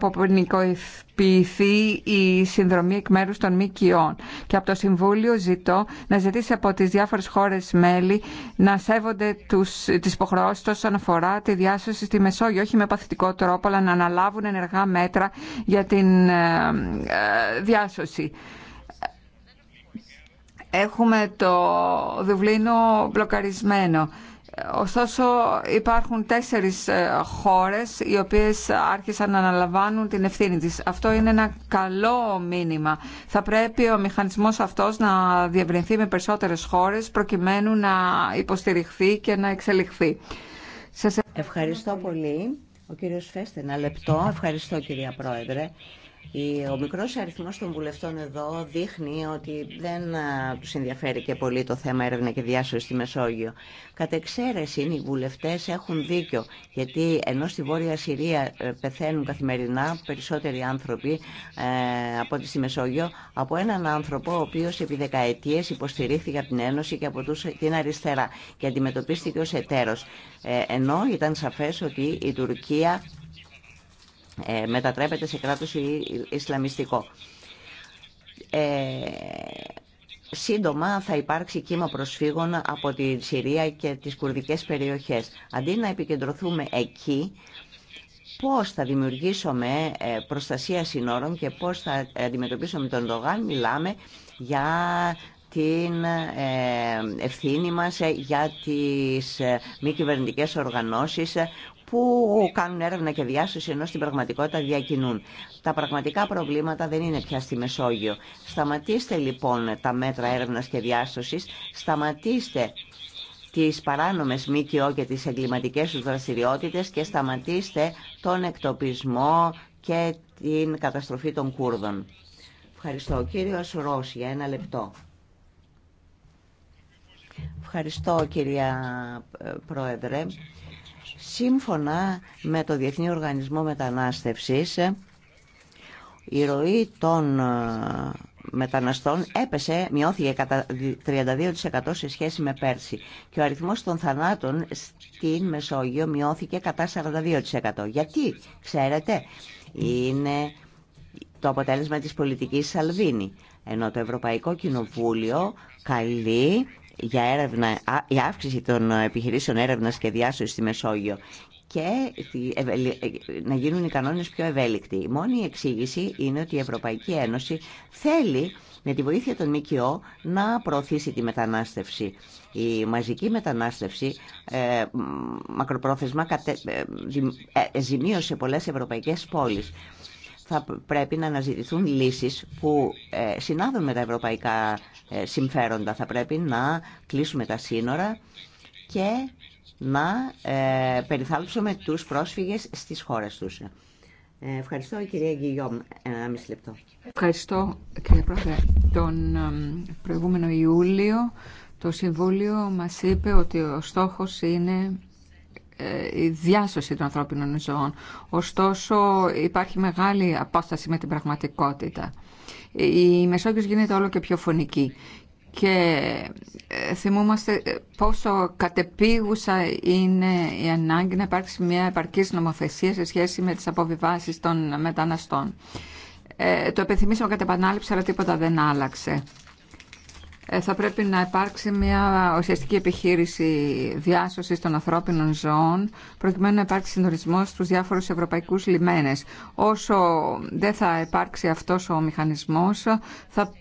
ποιηθεί η συνδρομή εκ μέρου των ΜΚΟ. Και από το Συμβούλιο ζητώ να ζητήσει από τις διάφορες χώρες μέλη να σέβονται τι τις υποχρεώσεις όσον αφορά τη διάσωση στη Μεσόγειο, όχι με παθητικό τρόπο, αλλά να αναλάβουν ενεργά μέτρα για την ε, ε, διάσωση. Έχουμε το Δουβλίνο μπλοκαρισμένο. Ωστόσο υπάρχουν τέσσερις ε, χώρες οι οποίες άρχισαν να αναλαμβάνουν την ευθύνη της. Αυτό είναι ένα καλό μήνυμα. Θα πρέπει ο μηχανισμός αυτός να διευρυνθεί με περισσότερες χώρες προκειμένου να υποστηριχθεί και να εξελιχθεί. Σας ευχαριστώ πολύ. Ο κύριος Φέστε, ένα λεπτό. Ευχαριστώ κυρία Πρόεδρε. Ο μικρός αριθμός των βουλευτών εδώ δείχνει ότι δεν τους ενδιαφέρει και πολύ το θέμα έρευνα και διάσωση στη Μεσόγειο. Κατ' εξαίρεση οι βουλευτές έχουν δίκιο, γιατί ενώ στη Βόρεια Συρία ε, πεθαίνουν καθημερινά περισσότεροι άνθρωποι ε, από ό,τι στη Μεσόγειο, από έναν άνθρωπο ο οποίος επί δεκαετίες υποστηρίχθηκε από την Ένωση και από την αριστερά και αντιμετωπίστηκε ως εταίρος. Ε, ενώ ήταν σαφές ότι η Τουρκία ε, μετατρέπεται σε κράτος Ισλαμιστικό. Ε, σύντομα θα υπάρξει κύμα προσφύγων από τη Συρία και τις κουρδικές περιοχές. Αντί να επικεντρωθούμε εκεί, πώς θα δημιουργήσουμε ε, προστασία συνόρων και πώς θα αντιμετωπίσουμε τον Δογάν, μιλάμε για την ευθύνη μας για τις μη κυβερνητικέ οργανώσεις που κάνουν έρευνα και διάσωση ενώ στην πραγματικότητα διακινούν. Τα πραγματικά προβλήματα δεν είναι πια στη Μεσόγειο. Σταματήστε λοιπόν τα μέτρα έρευνας και διάσωσης, σταματήστε τις παράνομες ΜΚΟ και τις εγκληματικές τους δραστηριότητες και σταματήστε τον εκτοπισμό και την καταστροφή των Κούρδων. Ευχαριστώ. Ο κύριος για ένα λεπτό. Ευχαριστώ κυρία ε, Πρόεδρε. Σύμφωνα με το Διεθνή Οργανισμό Μετανάστευσης, η ροή των ε, μεταναστών έπεσε, μειώθηκε κατά 32% σε σχέση με πέρσι και ο αριθμός των θανάτων στην Μεσόγειο μειώθηκε κατά 42%. Γιατί, ξέρετε, είναι το αποτέλεσμα της πολιτικής Σαλβίνη, ενώ το Ευρωπαϊκό Κοινοβούλιο καλεί για έρευνα, η αύξηση των επιχειρήσεων έρευνας και διάσωση στη Μεσόγειο και να γίνουν οι κανόνες πιο ευέλικτοι. Η μόνη εξήγηση είναι ότι η Ευρωπαϊκή Ένωση θέλει με τη βοήθεια των ΜΚΟ να προωθήσει τη μετανάστευση. Η μαζική μετανάστευση ε, μακροπρόθεσμα κατε, ε, ζημίωσε πολλές ευρωπαϊκές πόλεις θα πρέπει να αναζητηθούν λύσεις που ε, συνάδουν με τα ευρωπαϊκά ε, συμφέροντα. Θα πρέπει να κλείσουμε τα σύνορα και να ε, περιθάλψουμε τους πρόσφυγες στις χώρες τους. Ευχαριστώ, κυρία Γκυγιόμ. Ένα μισή λεπτό. Ευχαριστώ, κύριε Πρόεδρε. Τον προηγούμενο Ιούλιο το Συμβούλιο μας είπε ότι ο στόχος είναι ε, η διάσωση των ανθρώπινων ζωών. Ωστόσο υπάρχει μεγάλη απόσταση με την πραγματικότητα. Η Μεσόγειος γίνεται όλο και πιο φωνική και ε, θυμούμαστε ε, πόσο κατεπίγουσα είναι η ανάγκη να υπάρξει μια επαρκής νομοθεσία σε σχέση με τις αποβιβάσεις των μεταναστών. το επιθυμήσαμε κατά επανάληψη αλλά τίποτα δεν άλλαξε. Ε, θα πρέπει να υπάρξει μια ουσιαστική επιχείρηση διάσωση των ανθρώπινων ζώων, προκειμένου να υπάρξει συντονισμό στου διάφορου ευρωπαϊκού λιμένε. Όσο δεν θα υπάρξει αυτό ο μηχανισμό, θα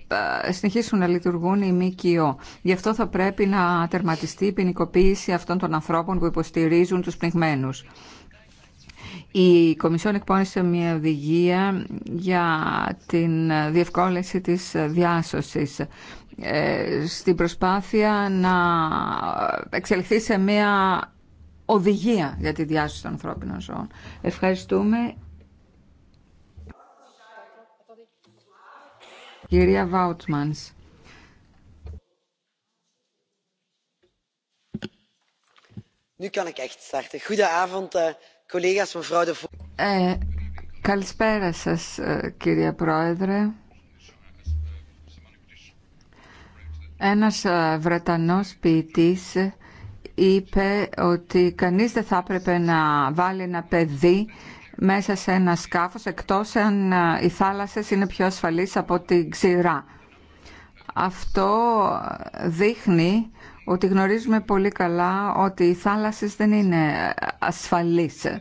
ε, συνεχίσουν να λειτουργούν οι ΜΚΟ. Γι' αυτό θα πρέπει να τερματιστεί η ποινικοποίηση αυτών των ανθρώπων που υποστηρίζουν του πνιγμένου. Η Κομισιόν εκπώνησε μια οδηγία για την διευκόλυνση της διάσωσης ε, στην προσπάθεια να εξελιχθεί σε μια οδηγία για τη διάσωση των ανθρώπινων ζώων. Ευχαριστούμε. Κυρία Βάουτσμανς. Nu kan ik echt starten. Goedenavond, eh, ε, καλησπέρα σας κύριε Πρόεδρε. Ένας ε, Βρετανός ποιητής είπε ότι κανείς δεν θα έπρεπε να βάλει ένα παιδί μέσα σε ένα σκάφος εκτός αν ε, οι θάλασσες είναι πιο ασφαλείς από την ξηρά. Αυτό δείχνει ότι γνωρίζουμε πολύ καλά ότι οι θάλασσες δεν είναι ασφαλείς. Ε,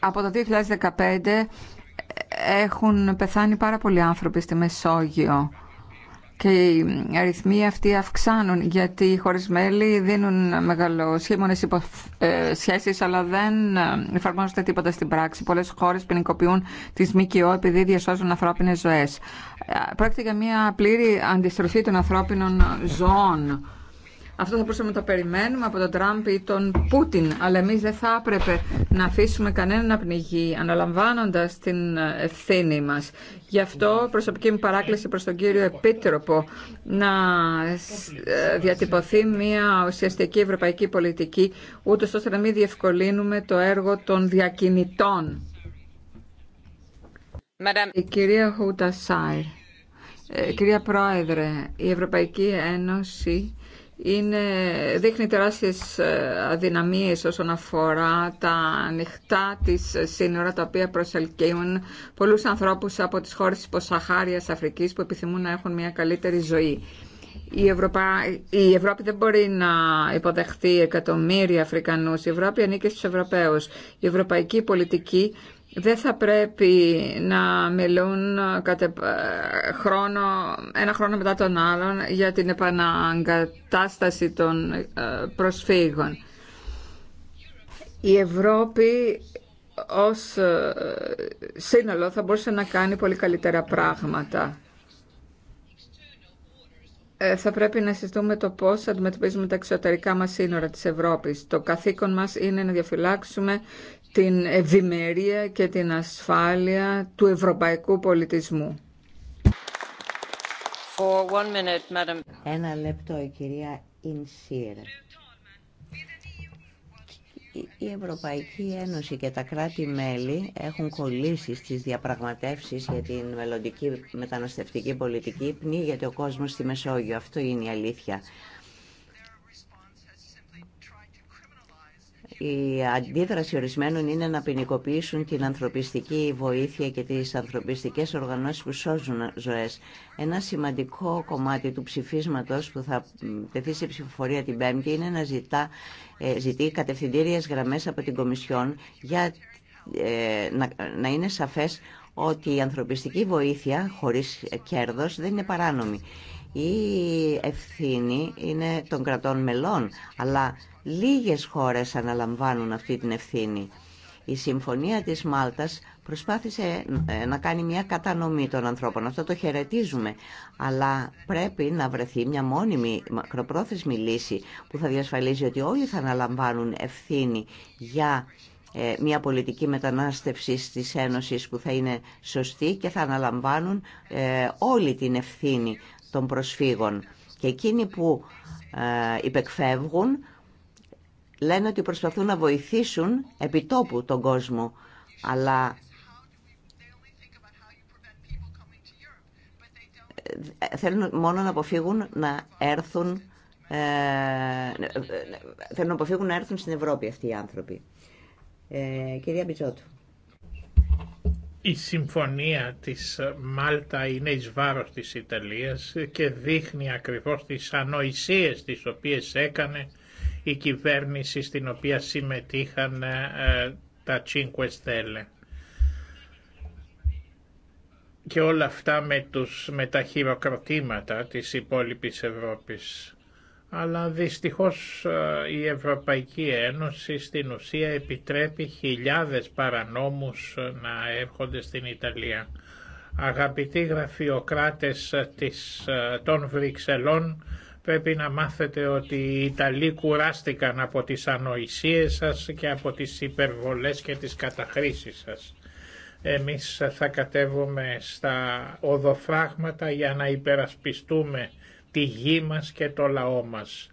από το 2015 έχουν πεθάνει πάρα πολλοί άνθρωποι στη Μεσόγειο και οι αριθμοί αυτοί αυξάνουν γιατί οι χώρες μέλη δίνουν μεγαλοσχήμονες ε, σχέσεις αλλά δεν ε, εφαρμόζονται τίποτα στην πράξη. Πολλές χώρες ποινικοποιούν τις ΜΚΟ επειδή διασώζουν ανθρώπινες ζωές. Ε, πρόκειται για μια πλήρη αντιστροφή των ανθρώπινων ζώων αυτό θα μπορούσαμε να το περιμένουμε από τον Τραμπ ή τον Πούτιν, αλλά εμείς δεν θα έπρεπε να αφήσουμε κανέναν να πνιγεί, αναλαμβάνοντας την ευθύνη μας. Γι' αυτό προσωπική μου παράκληση προς τον κύριο Επίτροπο να ε, διατυπωθεί μια ουσιαστική ευρωπαϊκή πολιτική, ούτως ώστε να μην διευκολύνουμε το έργο των διακινητών. Η κυρία Χούτα Σάιρ. Ε, κυρία Πρόεδρε, η Ευρωπαϊκή Ένωση είναι, δείχνει τεράστιες ε, αδυναμίες όσον αφορά τα ανοιχτά της σύνορα τα οποία προσελκύουν πολλούς ανθρώπους από τις χώρες της Ποσαχάριας Αφρικής που επιθυμούν να έχουν μια καλύτερη ζωή. Η, Ευρωπα... η Ευρώπη δεν μπορεί να υποδεχθεί εκατομμύρια Αφρικανούς. Η Ευρώπη ανήκει στους Ευρωπαίους. Η ευρωπαϊκή πολιτική δεν θα πρέπει να μιλούν κατε... χρόνο, ένα χρόνο μετά τον άλλον για την επαναγκατάσταση των ε, προσφύγων. Η Ευρώπη ως ε, σύνολο θα μπορούσε να κάνει πολύ καλύτερα πράγματα. Ε, θα πρέπει να συζητούμε το πώς αντιμετωπίζουμε τα εξωτερικά μας σύνορα της Ευρώπης. Το καθήκον μας είναι να διαφυλάξουμε την ευημερία και την ασφάλεια του ευρωπαϊκού πολιτισμού. Ένα λεπτό, η κυρία Ινσίρ. Η Ευρωπαϊκή Ένωση και τα κράτη-μέλη έχουν κολλήσει στις διαπραγματεύσεις για την μελλοντική μεταναστευτική πολιτική. Πνίγεται ο κόσμος στη Μεσόγειο. Αυτό είναι η αλήθεια. Η αντίδραση ορισμένων είναι να ποινικοποιήσουν την ανθρωπιστική βοήθεια και τις ανθρωπιστικές οργανώσεις που σώζουν ζωές. Ένα σημαντικό κομμάτι του ψηφίσματος που θα τεθεί σε ψηφοφορία την Πέμπτη είναι να ζητά, ε, ζητεί κατευθυντήριες γραμμές από την Κομισιόν για ε, να, να είναι σαφές ότι η ανθρωπιστική βοήθεια χωρίς κέρδος δεν είναι παράνομη. Η ευθύνη είναι των κρατών μελών, αλλά λίγες χώρες αναλαμβάνουν αυτή την ευθύνη. Η Συμφωνία της Μάλτας προσπάθησε να κάνει μια κατανομή των ανθρώπων. Αυτό το χαιρετίζουμε. Αλλά πρέπει να βρεθεί μια μόνιμη, μακροπρόθεσμη λύση που θα διασφαλίζει ότι όλοι θα αναλαμβάνουν ευθύνη για ε, μια πολιτική μετανάστευση της Ένωσης που θα είναι σωστή και θα αναλαμβάνουν ε, όλη την ευθύνη των προσφύγων. Και εκείνοι που ε, υπεκφεύγουν λένε ότι προσπαθούν να βοηθήσουν επιτόπου τον κόσμο. Αλλά ε, θέλουν μόνο να αποφύγουν να έρθουν ε, θέλουν να αποφύγουν να έρθουν στην Ευρώπη αυτοί οι άνθρωποι. Ε, κυρία Μπιτζότου. Η συμφωνία της ε, Μάλτα είναι εις βάρος της Ιταλίας και δείχνει ακριβώς τις ανοησίες τις οποίες έκανε η κυβέρνηση στην οποία συμμετείχαν ε, ε, τα Cinque Stelle. Και όλα αυτά με, τους, με τα χειροκροτήματα της υπόλοιπης Ευρώπης αλλά δυστυχώς ε, η Ευρωπαϊκή Ένωση στην ουσία επιτρέπει χιλιάδες παρανόμους ε, να έρχονται στην Ιταλία. Αγαπητοί γραφειοκράτες ε, της, των Βρυξελών, πρέπει να μάθετε ότι οι Ιταλοί κουράστηκαν από τις ανοησίες σας και από τις υπερβολές και τις καταχρήσεις σας. Εμείς θα κατέβουμε στα οδοφράγματα για να υπερασπιστούμε τη γη μας και το λαό μας.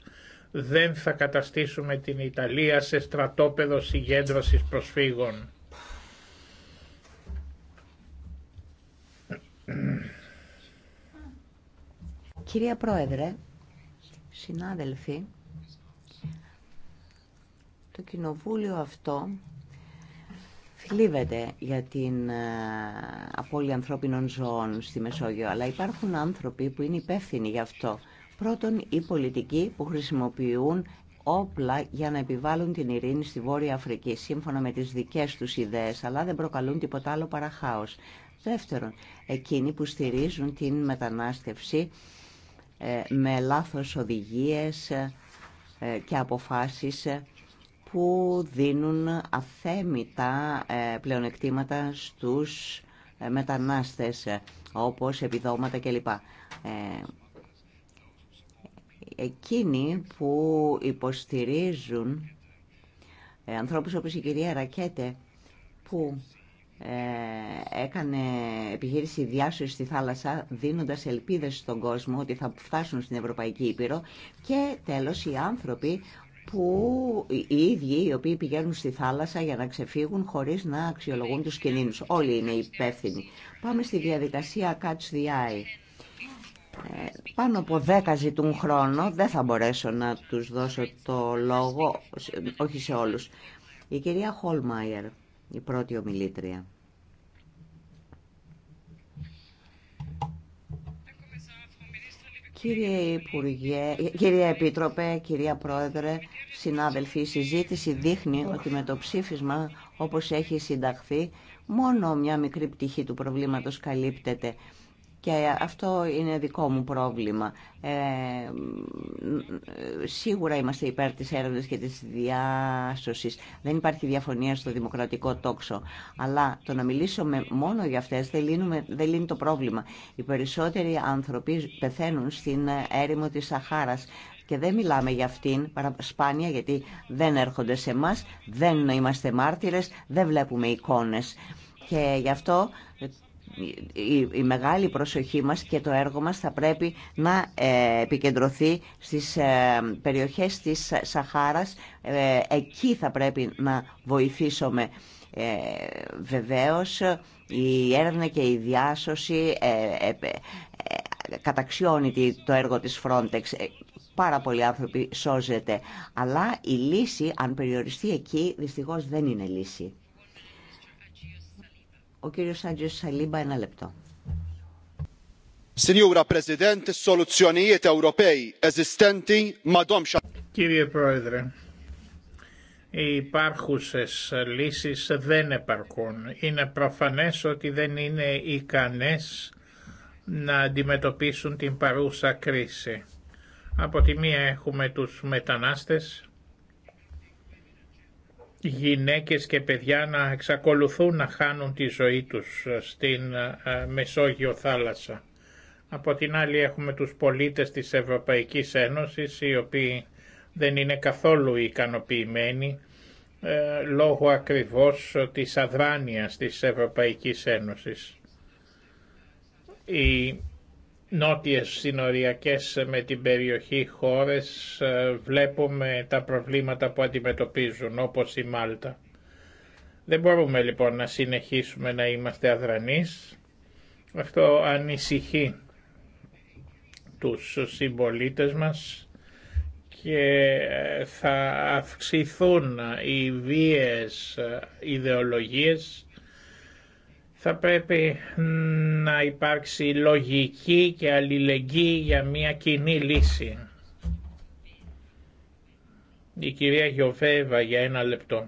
Δεν θα καταστήσουμε την Ιταλία σε στρατόπεδο συγκέντρωσης προσφύγων. Κυρία Πρόεδρε, συνάδελφοι, το κοινοβούλιο αυτό θλίβεται για την ε, απώλεια ανθρώπινων ζώων στη Μεσόγειο, αλλά υπάρχουν άνθρωποι που είναι υπεύθυνοι γι' αυτό. Πρώτον, οι πολιτικοί που χρησιμοποιούν όπλα για να επιβάλλουν την ειρήνη στη Βόρεια Αφρική, σύμφωνα με τις δικές τους ιδέες, αλλά δεν προκαλούν τίποτα άλλο παρά χάος. Δεύτερον, εκείνοι που στηρίζουν την μετανάστευση ε, με λάθος οδηγίες ε, και αποφάσεις που δίνουν αθέμητα ε, πλεονεκτήματα στους ε, μετανάστες, ε, όπως επιδόματα κλπ. Εκείνοι που υποστηρίζουν ανθρώπους όπως η κυρία Ρακέτε, που έκανε επιχείρηση διάσωση στη θάλασσα δίνοντας ελπίδες στον κόσμο ότι θα φτάσουν στην Ευρωπαϊκή Ήπειρο και τέλος οι άνθρωποι που οι ίδιοι οι οποίοι πηγαίνουν στη θάλασσα για να ξεφύγουν χωρίς να αξιολογούν τους κινδύνους. Όλοι είναι υπεύθυνοι. Πάμε στη διαδικασία Catch the Eye. Ε, πάνω από δέκα ζητούν χρόνο, δεν θα μπορέσω να τους δώσω το λόγο, όχι σε όλους. Η κυρία Χολμάιερ, η πρώτη ομιλήτρια. Κύριε Υπουργέ, κύριε Επίτροπε, κυρία Πρόεδρε, συνάδελφοι, η συζήτηση δείχνει ότι με το ψήφισμα όπως έχει συνταχθεί μόνο μια μικρή πτυχή του προβλήματος καλύπτεται. Και αυτό είναι δικό μου πρόβλημα. Ε, σίγουρα είμαστε υπέρ της έρευνας και της διάσωσης. Δεν υπάρχει διαφωνία στο δημοκρατικό τόξο. Αλλά το να μιλήσουμε μόνο για αυτές δεν, λύνει το πρόβλημα. Οι περισσότεροι άνθρωποι πεθαίνουν στην έρημο της Σαχάρας. Και δεν μιλάμε για αυτήν σπάνια γιατί δεν έρχονται σε εμά, δεν είμαστε μάρτυρες, δεν βλέπουμε εικόνες. Και γι' αυτό η μεγάλη προσοχή μας και το έργο μας θα πρέπει να ε, επικεντρωθεί στις ε, περιοχές της Σαχάρας. Ε, εκεί θα πρέπει να βοηθήσουμε. Βεβαίως η έρευνα και η διάσωση καταξιώνει το έργο της Frontex. Πάρα πολλοί άνθρωποι σώζεται. Αλλά η λύση, αν περιοριστεί εκεί, δυστυχώς δεν είναι λύση. Ο κύριος Σαλίμπα, ένα λεπτό. Κύριε Πρόεδρε, οι υπάρχουσες λύσεις δεν επαρκούν. Είναι προφανές ότι δεν είναι ικανές να αντιμετωπίσουν την παρούσα κρίση. Από τη μία έχουμε τους μετανάστες, γυναίκες και παιδιά να εξακολουθούν να χάνουν τη ζωή τους ε, στην ε, ε, Μεσόγειο θάλασσα. Από την άλλη έχουμε τους πολίτες της Ευρωπαϊκής Ένωσης οι οποίοι δεν είναι καθόλου ικανοποιημένοι λόγω ακριβώς της αδράνειας της Ευρωπαϊκής Ένωσης νότιες συνοριακές με την περιοχή χώρες ε, βλέπουμε τα προβλήματα που αντιμετωπίζουν όπως η Μάλτα. Δεν μπορούμε λοιπόν να συνεχίσουμε να είμαστε αδρανείς. Αυτό ανησυχεί τους συμπολίτε μας και ε, θα αυξηθούν οι βίες ε, ιδεολογίες θα πρέπει να υπάρξει λογική και αλληλεγγύη για μια κοινή λύση. Η κυρία Γιοφέβα για ένα λεπτό.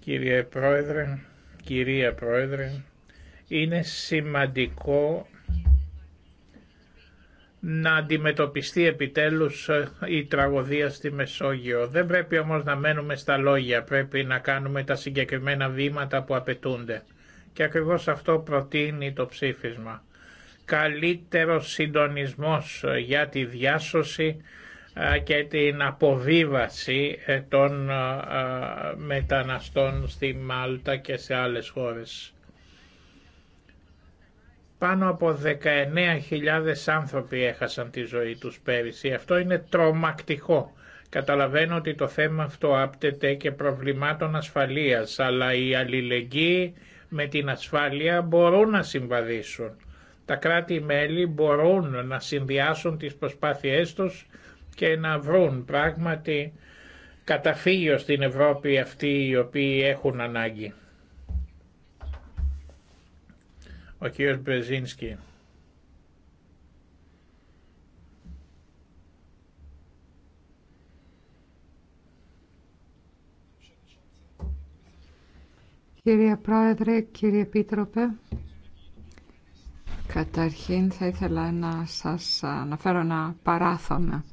Κύριε Πρόεδρε, κυρία Πρόεδρε, είναι σημαντικό να αντιμετωπιστεί επιτέλους ε, η τραγωδία στη Μεσόγειο. Δεν πρέπει όμως να μένουμε στα λόγια, πρέπει να κάνουμε τα συγκεκριμένα βήματα που απαιτούνται. Και ακριβώς αυτό προτείνει το ψήφισμα. Καλύτερος συντονισμός ε, για τη διάσωση ε, και την αποβίβαση των μεταναστών στη Μάλτα και σε άλλες χώρες. Πάνω από 19.000 άνθρωποι έχασαν τη ζωή τους πέρυσι. Αυτό είναι τρομακτικό. Καταλαβαίνω ότι το θέμα αυτό άπτεται και προβλημάτων ασφαλείας, αλλά η αλληλεγγύη με την ασφάλεια μπορούν να συμβαδίσουν. Τα κράτη-μέλη μπορούν να συνδυάσουν τις προσπάθειές τους και να βρουν πράγματι καταφύγιο στην Ευρώπη αυτοί οι οποίοι έχουν ανάγκη. Ο κύριος Μπεζίνσκι. Κύριε Πρόεδρε, κύριε Επίτροπε, καταρχήν θα ήθελα να σας αναφέρω ένα παράθωμα.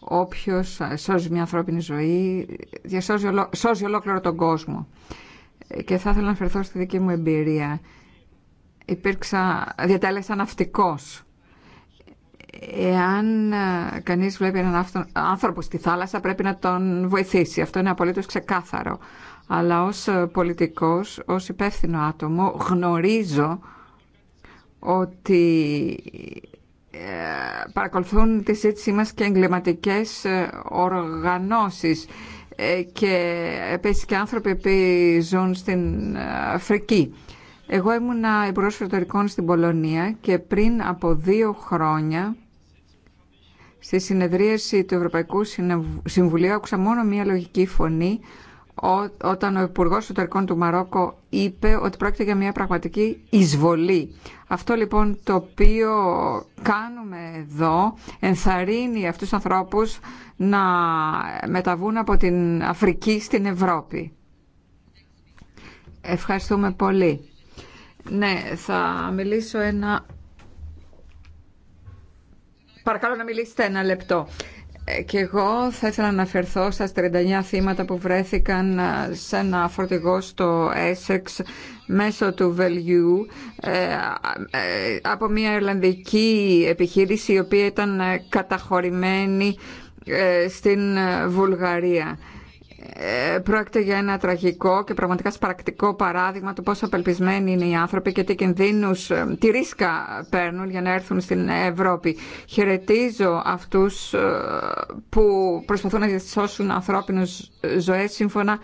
Όποιος σώζει μια ανθρώπινη ζωή, διασώζει ολόκληρο τον κόσμο. Και θα ήθελα να αφαιρθώ στη δική μου εμπειρία υπήρξα, διατέλεσα ναυτικός. Εάν ε, κανείς βλέπει έναν άνθρωπο στη θάλασσα πρέπει να τον βοηθήσει. Αυτό είναι απολύτως ξεκάθαρο. Αλλά ως ε, πολιτικός, ως υπεύθυνο άτομο γνωρίζω ότι ε, παρακολουθούν τη σύντησή μας και εγκληματικές οργανώσεις και επίσης και άνθρωποι που ζουν στην Αφρική. Εγώ ήμουνα υπουργός φρετορικών στην Πολωνία και πριν από δύο χρόνια στη συνεδρίαση του Ευρωπαϊκού Συμβουλίου άκουσα μόνο μία λογική φωνή όταν ο Υπουργός Φρετορικών του Μαρόκο είπε ότι πρόκειται για μία πραγματική εισβολή. Αυτό λοιπόν το οποίο κάνουμε εδώ ενθαρρύνει αυτούς τους ανθρώπους να μεταβούν από την Αφρική στην Ευρώπη. Ευχαριστούμε πολύ. Ναι, θα μιλήσω ένα... Παρακαλώ να μιλήσετε ένα λεπτό. Ε, Και εγώ θα ήθελα να αναφερθώ στα 39 θύματα που βρέθηκαν ε, σε ένα φορτηγό στο Essex μέσω του Βελιού ε, από μια Ιρλανδική επιχείρηση η οποία ήταν καταχωρημένη στην Βουλγαρία. Ε, πρόκειται για ένα τραγικό και πραγματικά σπαρακτικό παράδειγμα του πόσο απελπισμένοι είναι οι άνθρωποι και τι κινδύνους, ε, τι ρίσκα παίρνουν για να έρθουν στην Ευρώπη. Χαιρετίζω αυτούς ε, που προσπαθούν να διασώσουν ανθρώπινους ζωές σύμφωνα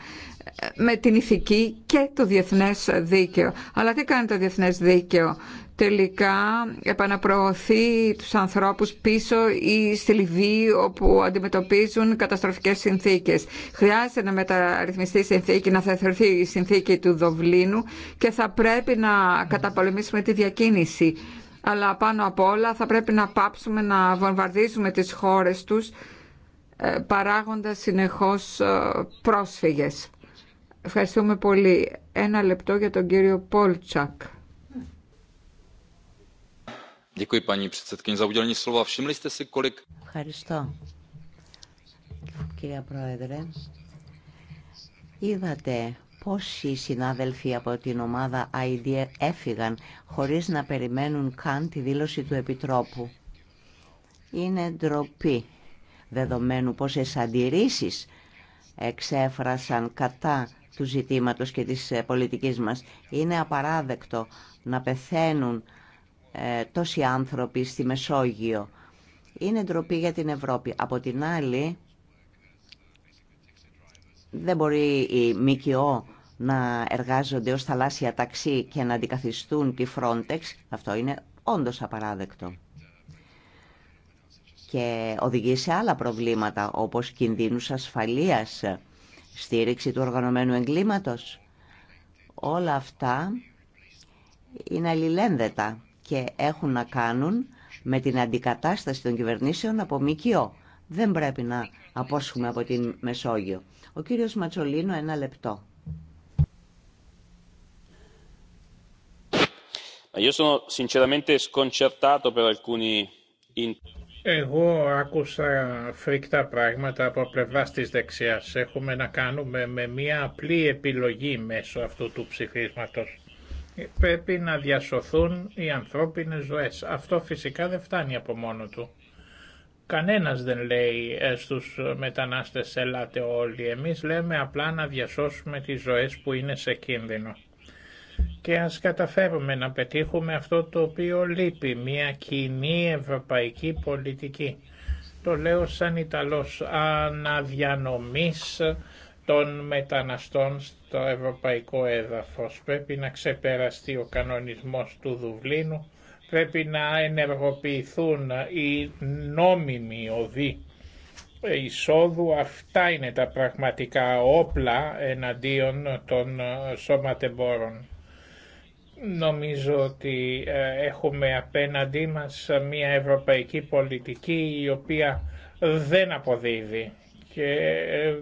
με την ηθική και το διεθνές δίκαιο. Αλλά τι κάνει το διεθνές δίκαιο τελικά επαναπροωθεί τους ανθρώπους πίσω ή στη Λιβύη όπου αντιμετωπίζουν καταστροφικές συνθήκες. Χρειάζεται να μεταρρυθμιστεί η συνθήκη, να θεωρηθεί η συνθήκη του Δοβλίνου και θα πρέπει να καταπολεμήσουμε τη διακίνηση. Αλλά πάνω απ' όλα θα πρέπει να πάψουμε να βομβαρδίζουμε τις χώρες τους ε, παράγοντας συνεχώς ε, πρόσφυγες. Ευχαριστούμε πολύ. Ένα λεπτό για τον κύριο Πόλτσακ. Ευχαριστώ. κύριε Πρόεδρε, είδατε πόσοι συνάδελφοι από την ομάδα IDF e έφυγαν χωρίς να περιμένουν καν τη δήλωση του Επιτρόπου. Είναι ντροπή, δεδομένου πόσες αντιρρήσεις εξέφρασαν κατά του ζητήματος και της πολιτικής μας. Είναι απαράδεκτο να πεθαίνουν ε, τόσοι άνθρωποι στη Μεσόγειο. Είναι ντροπή για την Ευρώπη. Από την άλλη, δεν μπορεί η ΜΚΟ να εργάζονται ως θαλάσσια ταξί και να αντικαθιστούν τη Frontex. Αυτό είναι όντως απαράδεκτο. Και οδηγεί σε άλλα προβλήματα, όπως κινδύνους ασφαλείας, στήριξη του οργανωμένου εγκλήματος. Όλα αυτά είναι αλληλένδετα και έχουν να κάνουν με την αντικατάσταση των κυβερνήσεων από ΜΚΟ. Δεν πρέπει να απόσχουμε από την Μεσόγειο. Ο κύριος Ματσολίνο, ένα λεπτό. Εγώ άκουσα φρικτά πράγματα από πλευρά τη δεξιά. Έχουμε να κάνουμε με μια απλή επιλογή μέσω αυτού του ψηφίσματος πρέπει να διασωθούν οι ανθρώπινες ζωές. Αυτό φυσικά δεν φτάνει από μόνο του. Κανένας δεν λέει ε, στους μετανάστες ελάτε όλοι. Εμείς λέμε απλά να διασώσουμε τις ζωές που είναι σε κίνδυνο. Και ας καταφέρουμε να πετύχουμε αυτό το οποίο λείπει, μια κοινή ευρωπαϊκή πολιτική. Το λέω σαν Ιταλός αναδιανομής των μεταναστών στο ευρωπαϊκό έδαφος. Πρέπει να ξεπεραστεί ο κανονισμός του Δουβλίνου, πρέπει να ενεργοποιηθούν οι νόμιμοι οδοί εισόδου. Αυτά είναι τα πραγματικά όπλα εναντίον των σώματεμπόρων. Νομίζω ότι ε, έχουμε απέναντί μας μια ευρωπαϊκή πολιτική η οποία δεν αποδίδει και ε,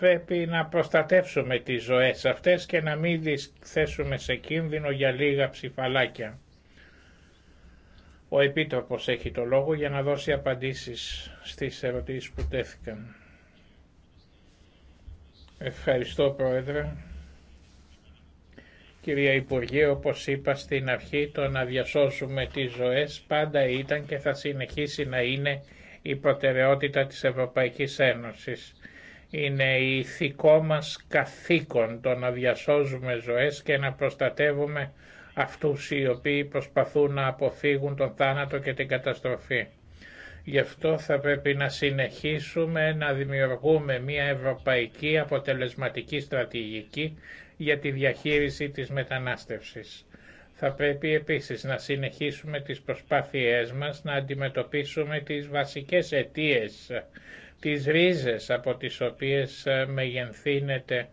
πρέπει να προστατεύσουμε τις ζωές αυτές και να μην τις θέσουμε σε κίνδυνο για λίγα ψηφαλάκια. Ο Επίτροπος έχει το λόγο για να δώσει απαντήσεις στις ερωτήσεις που τέθηκαν. Ευχαριστώ Πρόεδρε. Κυρία Υπουργέ, όπως είπα στην αρχή, το να διασώσουμε τις ζωές πάντα ήταν και θα συνεχίσει να είναι η προτεραιότητα της Ευρωπαϊκής Ένωσης. Είναι η ηθικό μας καθήκον το να διασώζουμε ζωές και να προστατεύουμε αυτούς οι οποίοι προσπαθούν να αποφύγουν τον θάνατο και την καταστροφή. Γι' αυτό θα πρέπει να συνεχίσουμε να δημιουργούμε μια ευρωπαϊκή αποτελεσματική στρατηγική για τη διαχείριση της μετανάστευσης. Θα πρέπει επίσης να συνεχίσουμε τις προσπάθειές μας να αντιμετωπίσουμε τις βασικές αιτίες τις ρίζες από τις οποίες ε, μεγενθύνεται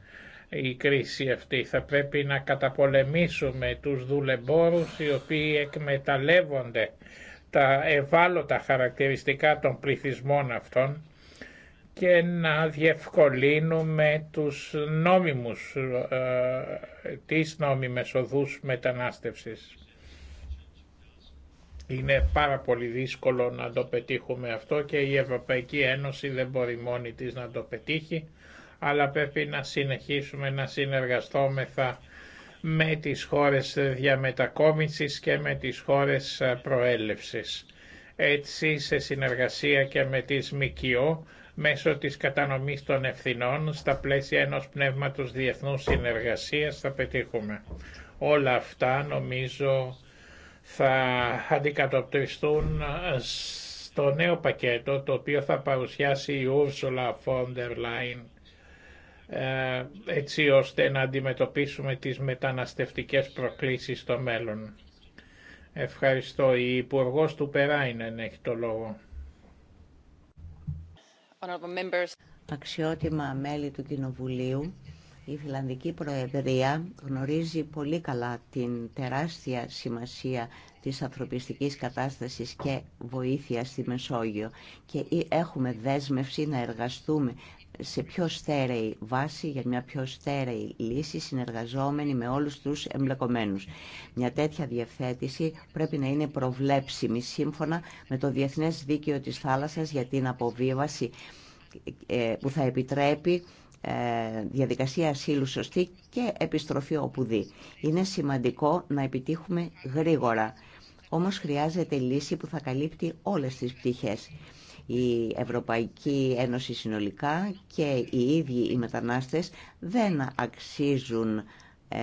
η κρίση αυτή. Θα πρέπει να καταπολεμήσουμε τους δουλεμπόρους οι οποίοι εκμεταλλεύονται τα ευάλωτα χαρακτηριστικά των πληθυσμών αυτών και να διευκολύνουμε τους νόμιμους, ε, τις νόμιμες οδούς μετανάστευσης. Είναι πάρα πολύ δύσκολο να το πετύχουμε αυτό και η Ευρωπαϊκή Ένωση δεν μπορεί μόνη της να το πετύχει, αλλά πρέπει να συνεχίσουμε να συνεργαστόμεθα με τις χώρες διαμετακόμισης και με τις χώρες προέλευσης. Έτσι, σε συνεργασία και με τις ΜΚΟ, μέσω της κατανομής των ευθυνών, στα πλαίσια ενός πνεύματος διεθνούς συνεργασίας θα πετύχουμε. Όλα αυτά νομίζω θα αντικατοπτριστούν ε, στο νέο πακέτο το οποίο θα παρουσιάσει η Ursula von der Leyen ε, έτσι ώστε να αντιμετωπίσουμε τις μεταναστευτικές προκλήσεις στο μέλλον. Ευχαριστώ. Η Υπουργό του Περάινεν έχει το λόγο. Αξιότιμα μέλη του Κοινοβουλίου, η Φιλανδική Προεδρία γνωρίζει πολύ καλά την τεράστια σημασία της ανθρωπιστικής κατάστασης και βοήθεια στη Μεσόγειο και έχουμε δέσμευση να εργαστούμε σε πιο στέρεη βάση, για μια πιο στέρεη λύση, συνεργαζόμενη με όλους τους εμπλεκομένους. Μια τέτοια διευθέτηση πρέπει να είναι προβλέψιμη σύμφωνα με το Διεθνές Δίκαιο της Θάλασσας για την αποβίβαση ε, που θα επιτρέπει ε, διαδικασία ασύλου σωστή και επιστροφή όπου δει. Είναι σημαντικό να επιτύχουμε γρήγορα. Όμως χρειάζεται λύση που θα καλύπτει όλες τις πτυχές. Η Ευρωπαϊκή Ένωση συνολικά και οι ίδιοι οι μετανάστες δεν αξίζουν ε,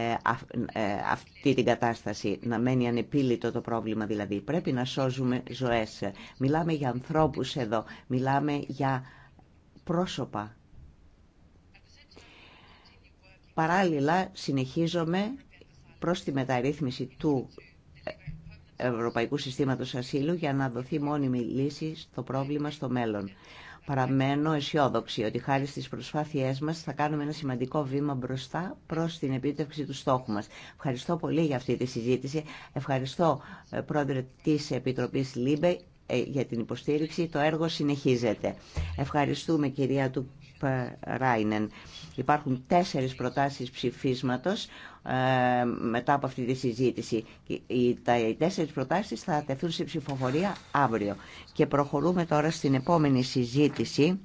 ε, αυτή την κατάσταση να μένει ανεπίλητο το πρόβλημα δηλαδή πρέπει να σώζουμε ζωές μιλάμε για ανθρώπους εδώ μιλάμε για πρόσωπα Παράλληλα, συνεχίζομαι προς τη μεταρρύθμιση του Ευρωπαϊκού Συστήματος Ασύλου για να δοθεί μόνιμη λύση στο πρόβλημα στο μέλλον. Παραμένω αισιόδοξη ότι χάρη στις προσπάθειές μας θα κάνουμε ένα σημαντικό βήμα μπροστά προς την επίτευξη του στόχου μας. Ευχαριστώ πολύ για αυτή τη συζήτηση. Ευχαριστώ ε, πρόεδρε της Επιτροπής Λίμπε. Ε, για την υποστήριξη. Το έργο συνεχίζεται. Ευχαριστούμε κυρία του Ράινεν. Υπάρχουν τέσσερις προτάσεις ψηφίσματος ε, μετά από αυτή τη συζήτηση. Οι, τα, οι τέσσερις προτάσεις θα τεθούν σε ψηφοφορία αύριο. Και προχωρούμε τώρα στην επόμενη συζήτηση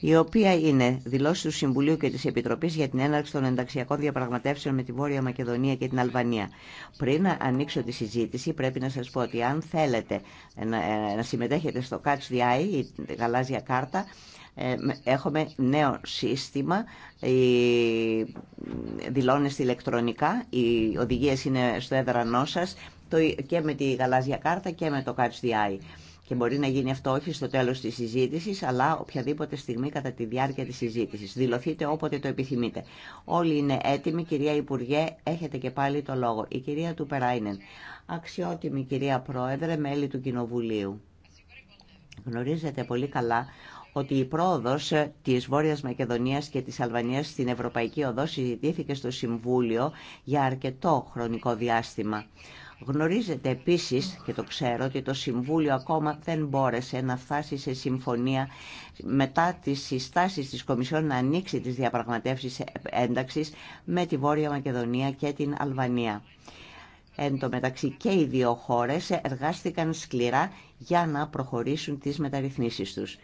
η οποία είναι δηλώσει του Συμβουλίου και τη Επιτροπή για την έναρξη των ενταξιακών διαπραγματεύσεων με τη Βόρεια Μακεδονία και την Αλβανία. Πριν να ανοίξω τη συζήτηση, πρέπει να σα πω ότι αν θέλετε ε, να συμμετέχετε στο Catch the Eye, η γαλάζια κάρτα, ε, έχουμε νέο σύστημα, δηλώνεστε ηλεκτρονικά, οι οδηγίε είναι στο έδρανό σα και με τη γαλάζια κάρτα και με το Catch the Eye. Και μπορεί να γίνει αυτό όχι στο τέλος της συζήτησης, αλλά οποιαδήποτε στιγμή κατά τη διάρκεια της συζήτησης. Δηλωθείτε όποτε το επιθυμείτε. Όλοι είναι έτοιμοι, κυρία Υπουργέ, έχετε και πάλι το λόγο. Η κυρία του αξιότιμη κυρία Πρόεδρε, μέλη του Κοινοβουλίου. Γνωρίζετε πολύ καλά ότι η πρόοδο τη Βόρεια Μακεδονία και τη Αλβανία στην Ευρωπαϊκή Οδό συζητήθηκε στο Συμβούλιο για αρκετό χρονικό διάστημα. Γνωρίζετε επίσης, και το ξέρω, ότι το Συμβούλιο ακόμα δεν μπόρεσε να φτάσει σε συμφωνία μετά τις συστάσεις της Κομισιόν να ανοίξει τις διαπραγματεύσεις ένταξης με τη Βόρεια Μακεδονία και την Αλβανία. Εν τω μεταξύ και οι δύο χώρες εργάστηκαν σκληρά για να προχωρήσουν τις μεταρρυθμίσεις τους.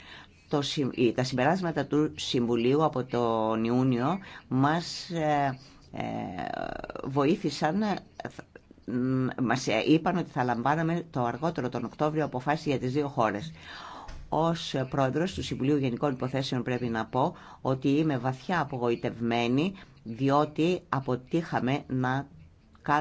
Τα συμπεράσματα του Συμβουλίου από τον Ιούνιο μας ε, ε, βοήθησαν μας είπαν ότι θα λαμβάναμε το αργότερο τον Οκτώβριο αποφάσει για τις δύο χώρε. Ως πρόεδρος του Συμβουλίου Γενικών Υποθέσεων πρέπει να πω ότι είμαι βαθιά απογοητευμένη διότι αποτύχαμε να